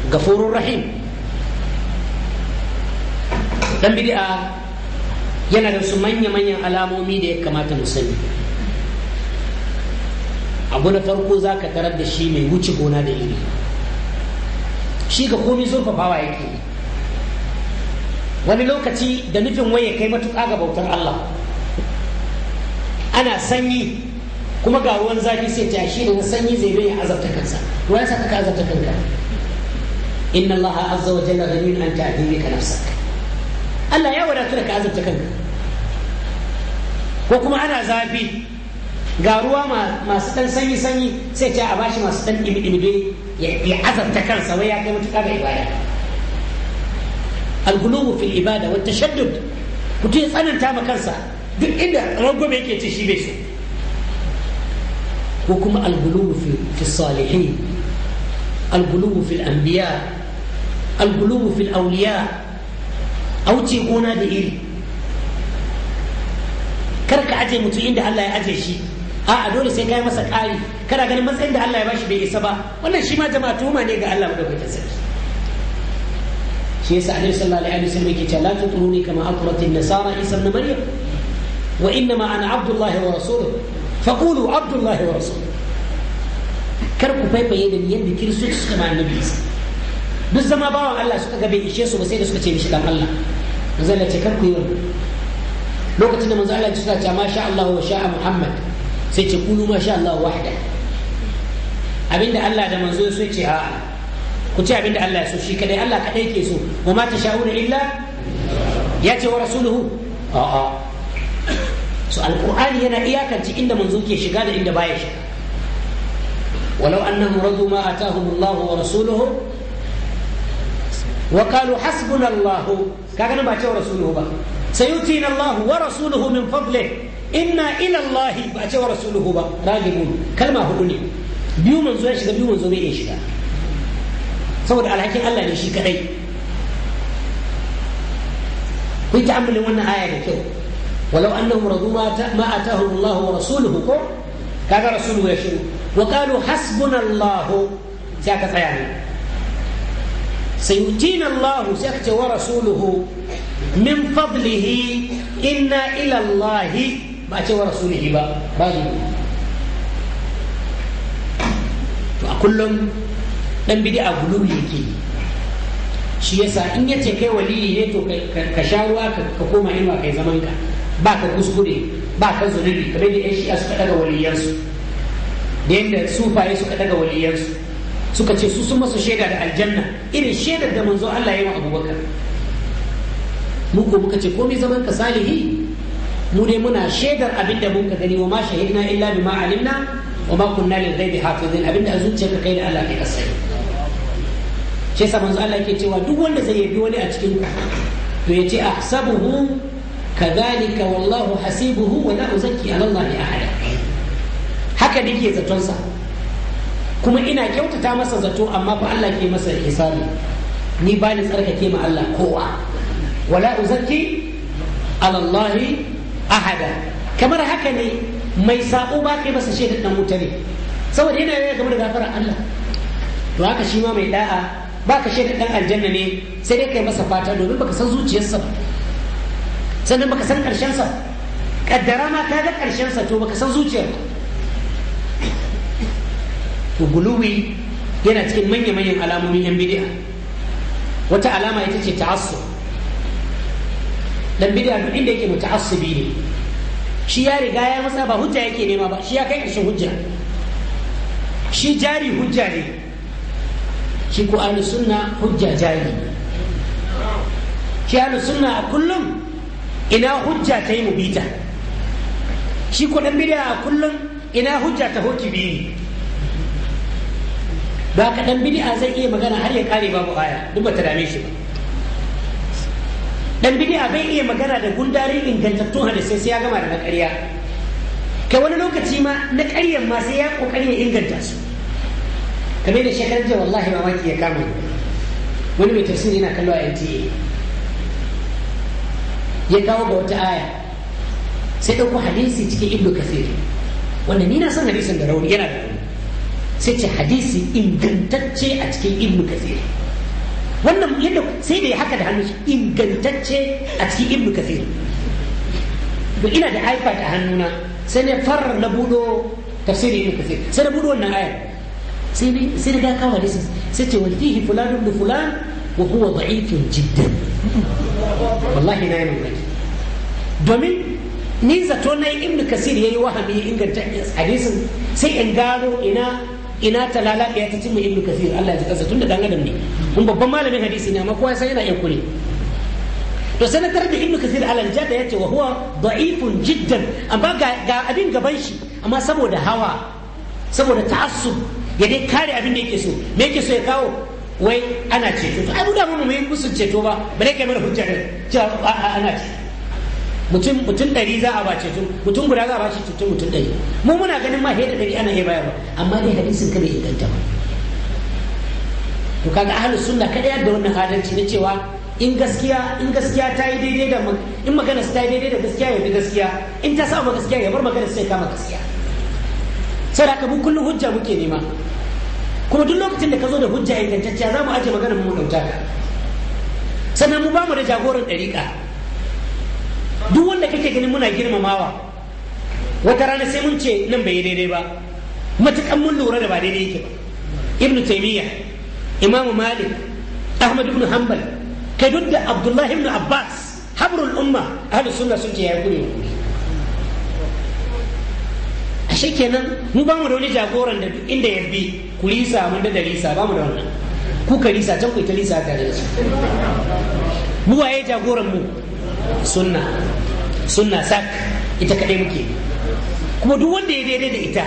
gafurur rahim dan bid'a yana da su manya-manyan alamomi da ya kamata mu sani abu na farko za ka tarar da shi mai wuce gona da iri shi ga komi zurfafawa yake wani lokaci da nufin waye kai matuƙa ga bautar Allah ana sanyi kuma ga ruwan zafi sai ta shi da sanyi zai bai azabta kansa ruwa ya saka ka azabta kanka inna Allah azza wa jalla ghaniyun an ta'dimi ka nafsaka Allah ya wadatu da ka azabta kanka ko kuma ana zafi ga ruwa masu ɗan sanyi-sanyi sai ce a bashi masu ɗan ɗimi-ɗimi ya azabta kansa wai ya kai mutuka ga ibada algulubu fil ibada wata shaddud mutum ya tsananta ma kansa duk inda rangwame yake ce shi bai so ko kuma algulubu fil salihin algulubu fil anbiya algulubu fil auliya a wuce gona da iri kar ka aje mutum inda Allah ya aje shi a dole sai kai masa ƙari kana ganin matsayin da Allah ya bashi bai isa ba wannan shi ma jama'a tuhuma ne ga Allah madaukakin sarki shi yasa Annabi sallallahu alaihi wasallam yake cewa la tutruni kama atratin nasara isa ibn maryam wa inna ma ana abdullahi wa rasuluhu faqulu abdullahi wa rasuluhu kar ku faifaye da ni yadda kiristoci suka ma annabi isa duk zama bawan Allah suka ga bai ishe su ba sai da suka ce mishi dan Allah manzo Allah ce kar ku yi lokacin da manzo Allah ya ce ma sha Allah wa sha Muhammad sai ce kulu ma sha Allah wahda abinda Allah da manzo so ce a'a ku ce abinda Allah ya so shi kadai Allah kadai ke so wa ma tasha'una illa ya ce wa rasuluhu a'a so alqur'ani yana iyakanci inda manzo ke shiga da inda baya shiga ولو أنهم رضوا ما آتاهم الله ورسوله wa qalu hasbunallahu kaga nan ba cewa rasuluhu ba sayutina Allah wa rasuluhu min inna ila Allah ba cewa rasuluhu ba ragibun kalma hudu ne biyu manzo ya shiga biyu manzo bai iya shiga saboda alhakin Allah ne shi kadai ku yi ta'ammalin wannan aya da kyau walau annahum radu ma atahum Allah wa rasuluhu ko rasuluhu ya hasbunallahu tsaya سيؤتينا الله سيأتي ورسوله من فضله إنا إلى الله ما أتي ورسوله با باقي أقول لهم dan bidi a gulubi yake shi yasa in yace kai waliyi ne to ka sha ruwa ka koma inuwa kai zamanka ka ba ka kuskure ba ka zunubi kamar da yan shi'a suka daga da yadda sufaye suka ɗaga waliyansu suka ce su sun masa shaida da aljanna irin shaidar da manzo Allah ya yi abubakar mu ko muka ce komai zaman ka salihi mu dai muna shaidar abin da mun ka gani wa ma shahidna illa bima alimna wa ma kunna lil ghaibi hafizin abin da zuciya ka kai da Allah kai kasai shi yasa manzo Allah yake cewa duk wanda zai yabi wani a cikin ku to yace ahsabuhu kadhalika wallahu hasibuhu wa la uzakki ala Allah ahada haka dake zaton sa kuma ina kyautata masa zato amma fa Allah ke masa hisabi ni ba ni tsarkake ma Allah kowa wala uzakki ala ahada kamar haka ne mai sabo ba kai masa shaidar dan wuta ne saboda yana yana game da gafarar Allah to haka shi ma mai da'a ba ka shaidar dan aljanna ne sai dai kai masa fata domin baka san zuciyarsa ba sannan baka san karshen sa kaddara ma ka ga karshen sa to baka san zuciyar to guluwi yana cikin manya-manyan alamomin yan bidiya wata alama ita ce ta'assu dan bidiya duk inda yake muta'assibi ne shi ya riga ya masa ba hujja yake nema ba shi ya kai shi hujja shi jari hujja ne shi ku ahlu sunna hujja jari shi ahlu sunna a kullum ina hujja ta yi mubita shi ku dan bidiya a kullum ina hujja ta hoki biyu ba kaɗan dan zai iya magana har ya kare babu aya duk bata dame shi ba dan bidi'a bai iya magana da gundarin ingantattun hadisai sai ya gama da na ƙarya kai wani lokaci ma na ƙaryan ma sai ya kokari ya inganta su kamar da shekar jiya wallahi mamaki ya kama wani mai tafsiri yana kallo a NTA ya kawo ga wata aya sai ɗauko hadisi cikin ibnu kasir wanda ni na san hadisin da rauni yana da rauni sai ce hadisi ingantacce a cikin ibnu kathir wannan yadda sai da ya haka da hannu ingantacce a cikin ibnu kathir to ina da ipad a hannuna sai ne far na budo tafsiri ibnu kathir sai na budo wannan aya sai ne sai ga kawo hadisi sai ce wal fihi fulan ibn fulan wa huwa da'ifun jiddan wallahi na yi mamaki domin ni zato na ibn kasir yayi wahabi inganta hadisin sai in gano ina ina ta ya ta cimma ibnu kafir Allah ya ji kansa tunda dan adam ne mun babban malamin hadisi ne amma kowa sai yana yan kure to sai na tarbi da ibnu kafir alal jada yace wa huwa da'ifun jiddan amma ga abin gaban shi amma saboda hawa saboda ta'assub ya dai kare abin da yake so me yake so ya kawo wai ana ceto to ai mu da mu mun musu ceto ba bare kai mana hujja cewa ana ceto mutum mutum ɗari za a ba tun mutum guda za a ba tun mutum ɗari mu muna ganin ma da ɗari ana iya bayarwa amma dai hadisin kada inganta ba to kaga ahlus sunna kada yadda wannan adalci na cewa in gaskiya in gaskiya ta yi daidai da in magana ta yi daidai da gaskiya ya bi gaskiya in ta sa gaskiya ya bar magana sai kama gaskiya sai da mu kullum hujja muke nema kuma duk lokacin da ka zo da hujja ingantacciya za mu ajiye maganar mu dauta sannan mu ba mu da jagoran ɗariƙa duk wanda kake ganin muna girmamawa wata rana sai mun ce nan bai daidai ba matukan mun lura da ba daidai yake ba ibnu taymiya imamu malik ahmad ibn hanbal kai duk da abdullah ibn abbas habrul umma ahli sunna sun ce ya kure ashe kenan mu ba mu da wani jagoran da duk inda ya bi ku risa mun da risa ba mu da wannan ku ka risa can ku ita risa tare da su mu waye jagoran mu sunna sunna sak ita kaɗai muke kuma duk wanda ya daidai da ita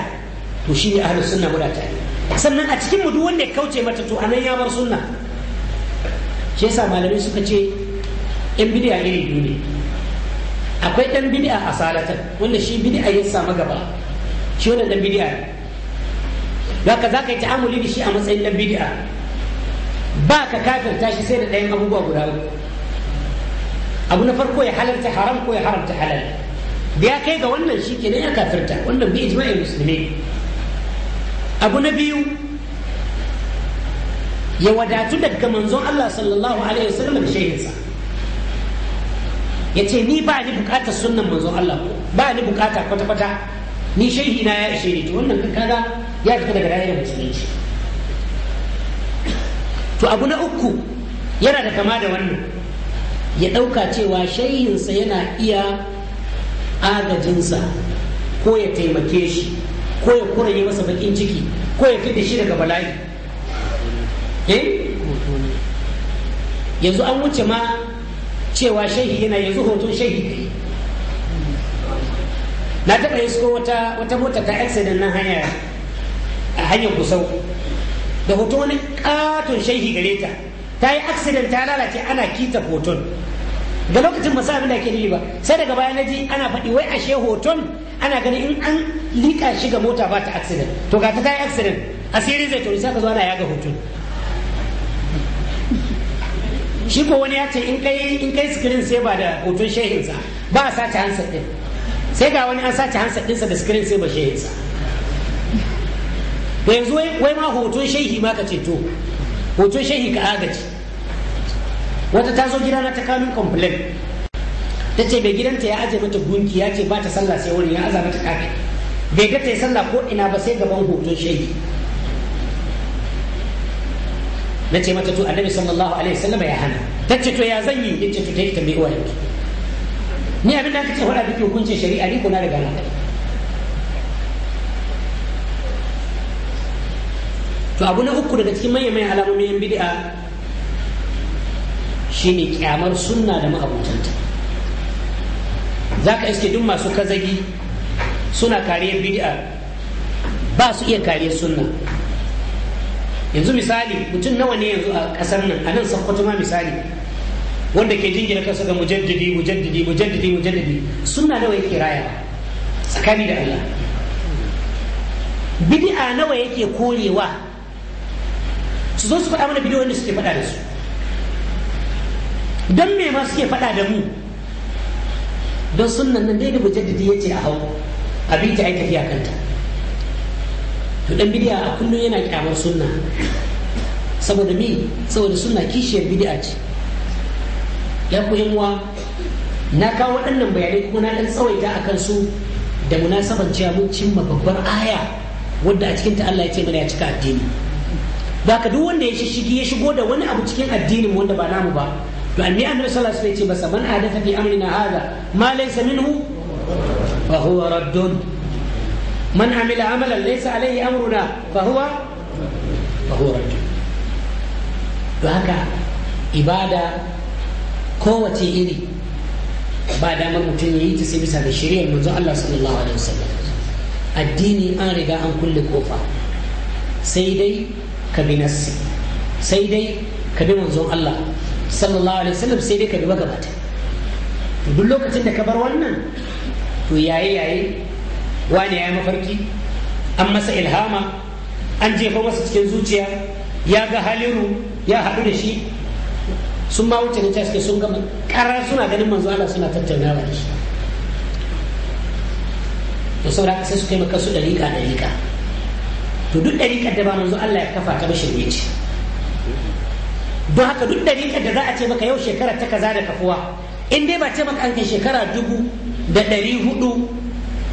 to shi ne ahlus sunna guda ta sannan a cikin mu duk wanda ya kauce mata to anan ya bar sunna shi yasa malamai suka ce yan bid'a iri biyu ne akwai dan bid'a asalatan wanda shi bid'a ya samu gaba shi wannan dan bid'a ne za ka yi ta'amuli da shi a matsayin dan bid'a ba ka kafirta shi sai da ɗayan abubuwa guda uku abu na farko ya halarta haram ko ya haramta halal da ya kai ga wannan shi kenan ya kafirta wannan bi ijma'in musulmi abu na biyu ya wadatu daga manzon Allah sallallahu alaihi wasallam da shehinsa ya ce ni ba ni bukata sunnan manzon Allah ba ni bukata kwata-kwata ni shehi na ya ishe ni to wannan kaga ya fita daga rayuwar musulunci to abu na uku yana da kama da wannan ya ɗauka cewa shaihinsa yana iya agajinsa ko ya taimake shi ko ya kuranye masa bakin ciki ko ya da shi daga bala'i eh? yanzu an wuce ma cewa shehi yana yanzu hoton shaihi ne na taɓa isko wata wata mota ta accident na hanya a hanyar kusau, da hoton wani katon shaihi gare ta ta yi accident ta lalace ana kita hoton da lokacin ba sami da ke nufi ba sai daga baya naji ana faɗi wai ashe hoton ana ganin in an liƙa shi ga mota ba ta accident to ga ta ta yi accident asiri zai tori sai ka zo ana yaga hoton shi ko wani ya ce in kai in kai screen sai ba da hoton shehinsa ba a sace handset din sai ga wani an sace handset dinsa da screen sai ba shehinsa da yanzu wai ma hoton shehi ma ka ce to hoton shehi ka agaji wata ta zo gidana ta kanun complain ta ce bai gidanta ya aje mata gunki ya ce ba ta sallah sai wani ya aza mata kafin bai ga ta yi sallah ko ina ba sai gaban hoton shehi na ce mata to annabi sallallahu alaihi wasallam ya hana ta ce to ya zan yi ya ce to ta yi tambayi uwayenki ni abin da aka ce faɗa duk hukuncin shari'a ni ko na da na to abu na uku daga cikin manyan manyan alamomin yan bid'a shine kyamar sunna da ma'abutanta zaka iske duk masu kazagi suna kariyar bid'a ba su iya kariyar sunna yanzu misali mutum nawa ne yanzu a kasar nan a nan sakkwato ma misali wanda ke jingina kansa ga mujaddidi mujaddidi mujaddidi mujaddidi sunna nawa yake raya tsakani da Allah bid'a nawa yake korewa su zo su faɗa mana bidiyoyin da suke faɗa da su don me ma suke faɗa da mu don sunan nan dai da mujaddidi ya ce a hau abin ta ai tafiya kanta to dan bidiya a kullum yana kyamar sunna saboda me saboda sunna kishiyar bidiya ce ya ku yanwa na kawo waɗannan bayanai kuma na ɗan tsawaita a kansu da munasaban cewa mun cimma babbar aya wadda a cikinta Allah ya ce mana ya cika addini Baka duk wanda ya shishigi ya shigo da wani abu cikin addinin wanda ba namu ba to annabi annabi sallallahu alaihi wasallam ya ce basa man adatha fi amrina hadha ma laysa minhu fa huwa raddun man amila amalan laysa alaihi amruna fa huwa fa huwa raddun to haka ibada kowace iri ba damar mutum ya yi ta sai bisa da shari'ar manzon Allah sallallahu alaihi wasallam addini an riga an kulle kofa sai dai ka bi nassi sai dai ka bi manzon Allah sallallahu alaihi wasallam sai dai ka bi magabata duk lokacin da ka bar wannan to yayi yaye wani ya mafarki an masa ilhama an jefa masa cikin zuciya ya ga haliru ya haɗu da shi sun ma wuce ta suke sun gama ƙarar suna ganin manzo Allah suna tattaunawa da shi to saboda sai su kai maka su ɗariƙa ɗariƙa to duk ɗariƙar da ba manzo Allah ya kafa ta bashir ce don haka duk ɗariƙar da za a ce maka yau shekara ta kaza da kafuwa in dai ba ce maka an kai shekara dubu da ɗari hudu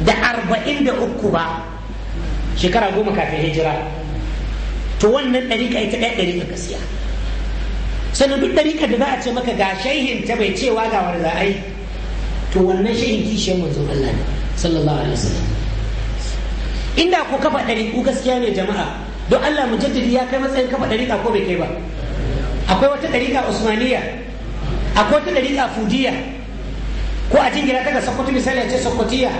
da arba'in da uku ba shekara goma kafin hijira to wannan ɗariƙa ita ɗaya ɗariƙa gaskiya sannan duk ɗariƙar da za a ce maka ga shaihin ta bai cewa ga wani za a yi to wannan shaihin kishiyar manzon Allah ne sallallahu alaihi wasallam inda ko kafa ɗari ku gaskiya ne jama'a don Allah mu jaddadi ya kai matsayin kafa ɗari ko bai kai ba akwai wata ɗari ka usmaniya akwai wata ka fudiya ko a jingira ta ga sokoto misali a ce sokotiya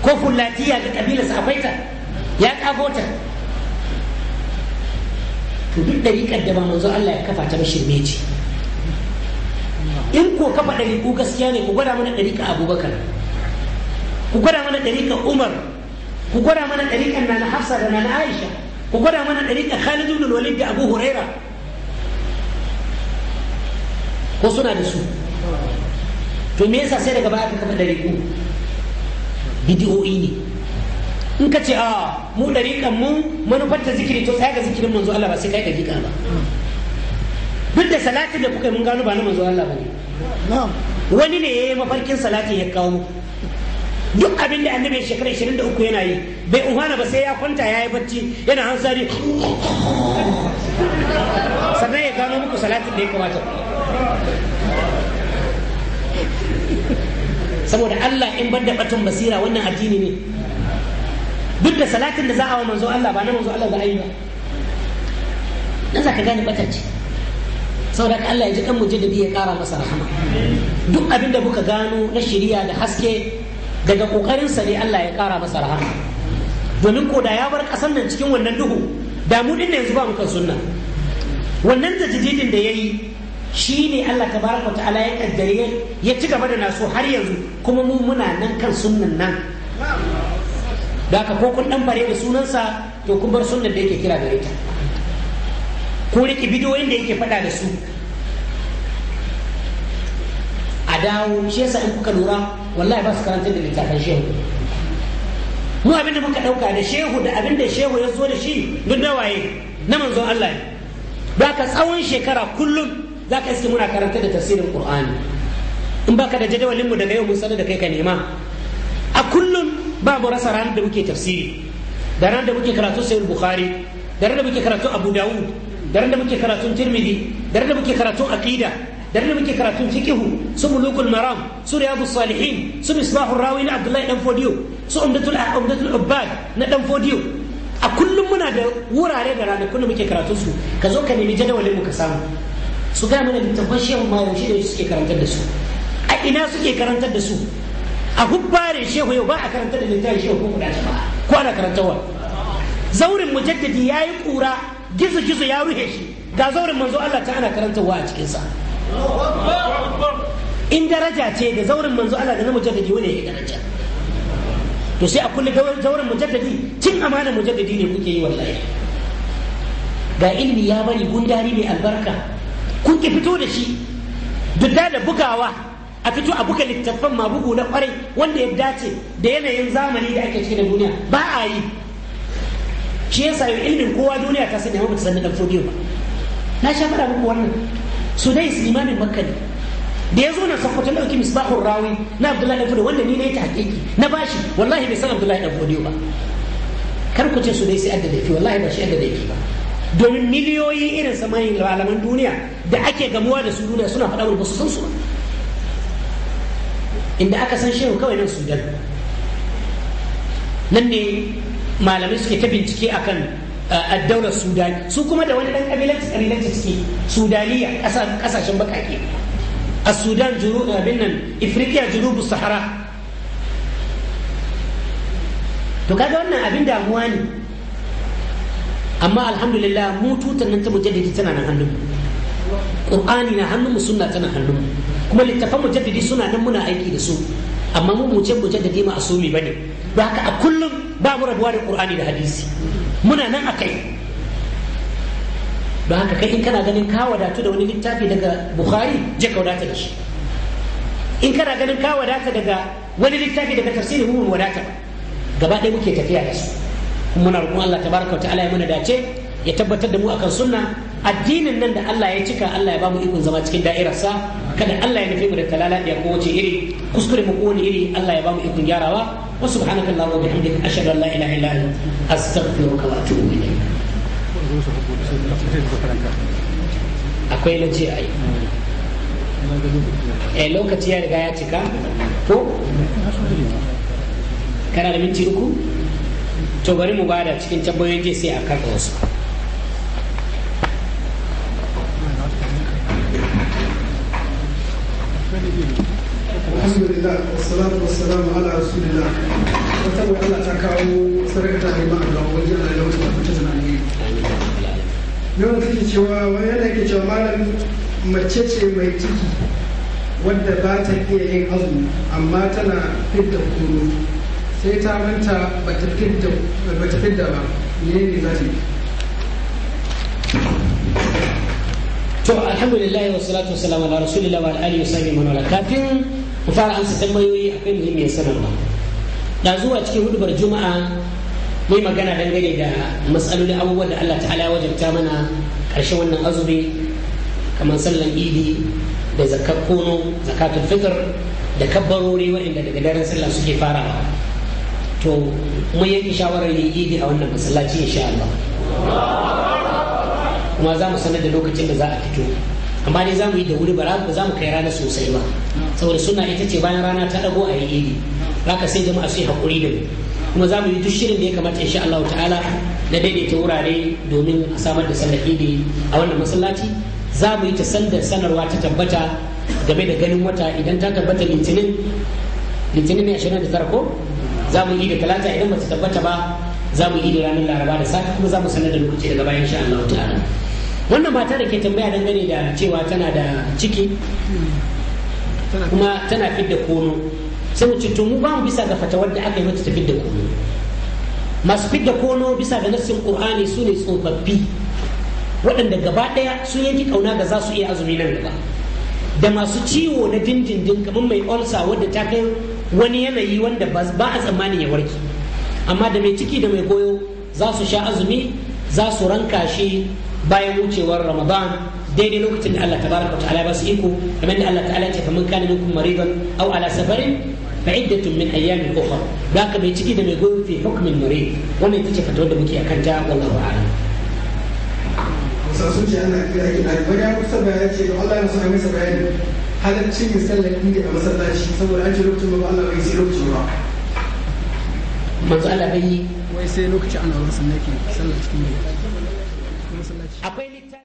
ko fulatiya ga kabilarsa akwai ta ya kago ta to duk ɗariƙar da ba manzo Allah ya kafa ta ba shirme ce in ko kafa ɗari ku gaskiya ne ku gwada mana ɗari ka abubakar ku gwada mana ɗari ka umar ku gwada mana ɗariƙar na na hafsa da na na aisha ku gwada mana ɗariƙar khalid ibn walid da abu huraira ko suna da su to me yasa sai daga baya ka kafa ɗariƙu bidiyo'i ne in ka ce a mu ɗariƙan mu manufar ta zikiri to tsaya ga zikirin manzo Allah ba sai kai ɗariƙa ba duk da salatin da kuka mun gano ba na manzo Allah ba ne wani ne ya yi mafarkin salatin ya kawo duk abin da annabi shekara 23 yana yi bai umhana ba sai ya kwanta ya yi bacci yana hansari sannan ya gano muku salatin da ya kamata saboda Allah in ban da batun basira wannan addini ne duk da salatin da za a wa manzo Allah ba na manzo Allah za a yi ba nan za ka gane bata ce saboda Allah ya ji kan mujaddadi ya kara masa rahama duk abin da muka gano na shiriya da haske daga kokarin sa ne Allah ya kara masa rahama domin ko da ya bar kasan nan cikin wannan duhu da mu din yanzu ba mu kan sunna wannan tajdidin da yayi shi ne Allah tabaraka ta'ala ya kaddare ya ci gaba da naso har yanzu kuma mu muna nan kan sunnan nan da ka ko kun dan bare da sunansa to kun bar sunnan da yake kira gare ta ko rike bidiyoyin da yake fada da su a dawo shi yasa in kuka lura wallahi ba su karanta da littafin shehu mu abinda muka dauka da shehu da abinda shehu ya zo da shi duk waye na manzon Allah ba ka tsawon shekara kullum za ka iske muna karanta da tafsirin qur'ani in baka da jadawalin mu daga yau mun sanar da kai ka nema a kullum ba mu rasa ranar da muke tafsiri da ran da muke karatu sayyid bukhari da ran da muke karatu abu dawud da ran da muke karatu tirmidhi da ran da muke karatu aqida da da muke karatun fiqihu su mulukul maram su riyadus salihin su misbahur rawi na abdullahi dan fodiyo su umdatul umdatul ubbad na dan fodiyo a kullum muna da wurare da ranakun da muke karatun su ka zo ka nemi jadawalin mu ka samu su ga mana littafan shehu ma yaushe da suke karantar da su a ina suke karantar da su a hubbare shehu yau ba a karantar da littafin shehu ko guda jama'a ko ana karantarwa zaurin mujaddadi yayi kura gizo gizo ya ruhe shi ga zaurin manzo Allah ta ana karantarwa a cikin sa in daraja ce da zaurin manzo Allah da na mujaddadi wani ya daraja to sai a kulli zaurin mujaddadi cin amana mujaddadi ne kuke yi wallahi ga ilimi ya bari gundari mai albarka kun ki fito da shi duk da bugawa a fito a buga littattafan ma bugu na kwarai wanda ya dace da yanayin zamani da ake ciki da duniya ba a yi shi yasa ilmin kowa duniya ta sani amma ba ta sani dan fodiyo ba na sha fara muku wannan sudais imamin makka ne da ya zo na sakwato ɗauki misbahun rawi na abdullahi ɗan fudu wanda ni na yi ta hakiki na bashi wallahi bai san abdullahi ɗan fudu ba kar ku ce su dai sai adda wallahi ba shi adda laifi ba domin miliyoyi irin samayin malaman duniya da ake gamuwa da su duniya suna faɗa ba su san su ba inda aka san shehu kawai nan sudan nan ne malamai suke ta bincike akan addaular sudani su kuma da wani dan kabilanci kabilanci suke sudaniya kasashen bakake a sudan juru abin nan ifriqiya junubu sahara to kaga wannan abin damuwa ne amma alhamdulillah mu tutar nan ta mujaddidi tana nan hannun qur'ani na hannun sunna tana hannun kuma littafan mujaddidi suna nan muna aiki da su amma mu mu ce mujaddidi ma asumi bane don haka a kullum ba mu rabuwa da qur'ani da hadisi muna nan a kai don haka kai in kana ganin ka wadatu da wani littafi daga bukhari je ka wadata da shi in kana ganin ka wadata daga wani littafi daga tafsirin mu wadata gaba ɗaya muke tafiya da su muna roƙon Allah tabaraka ta'ala ya mana dace ya tabbatar da mu akan sunna addinin nan da Allah ya cika Allah ya ba mu ikon zama cikin dairar sa kada Allah ya nufi mu da talala ya ko wace iri kuskure mu ko iri Allah ya ba mu ikon gyarawa وسبحانك subhanaka وبحمدك لا akwai lace lokaci ya riga ya cika ko kana da minti uku to bari mu bada cikin tabbayoyin sai a karɓa wasu alhamdulillah wassalatu wassalamu ala rasulillah wata ta kawo sarakata da ma'a da cewa wani yana cewa malam mace ce mai ciki wadda ba ta iya yin azumi amma tana fidda kuro sai ta manta ba ta fidda ba ne ne za ta yi to alhamdulillah ala rasulillah wa alihi wa sahbihi wa kafin ku fara amsa tambayoyi akwai muhimmiyar ba da zuwa cikin hudubar juma'a mai magana dangane da matsaloli abubuwan da Allah ta'ala wajabta mana ƙarshen wannan azumi kamar sallan idi da zakar kono zakatul fitr da kabbarori waɗanda daga daren sallah suke farawa to mun yanke shawarar yin idi a wannan masallaci insha Allah kuma za mu sanar da lokacin da za a fito amma dai za mu yi da wuri ba za mu kai rana sosai ba saboda suna ita ce bayan rana ta dago a yi iri ka sai jama'a su yi haƙuri da mu kuma za mu yi duk shirin da ya kamata insha Allah ta'ala na daidaita wurare domin a samar da sallar idi a wannan masallaci za mu yi ta sandar sanarwa ta tabbata game da ganin wata idan ta tabbata litinin litinin ne ashirin da tara ko za mu yi da talata idan ba ta tabbata ba za mu yi da ranar laraba da sati kuma za mu sanar da lokaci daga bayan insha Allah ta'ala wannan mata da ke tambaya dangane da cewa tana da ciki kuma tana fidda kono sai mu to mu ba mu bisa ga fatawar da aka yi mata ta fidda kono masu fidda kono bisa ga nassin qur'ani su ne tsofaffi waɗanda gaba ɗaya sun yanki ƙauna ga za su iya azumi nan gaba da masu ciwo na dindindin kamar mai olsa wadda ta kai wani yanayi wanda ba a tsammanin ya warke amma da mai ciki da mai goyo za su sha azumi za su ranka shi bayan wucewar ramadan daidai lokacin da Allah ta baraka ta'ala ba su iko kamar da Allah ta'ala ce fa man kana minkum maridan aw ala safarin fa iddatun min ayyamin ukhra da ka mai ciki da mai goyo fi hukmin murid wannan ita ce fatawar da muke akan ta wallahu a'lam sun ce ana kira ki ɗalibai ya kusa bayan ce Allah ya musu kamar bayani halarci mai sallar da a masallaci saboda an ce lokacin ba Allah bai sai lokacin ba manzo Allah bai wai sai lokacin ana wurin sannan sallar cikin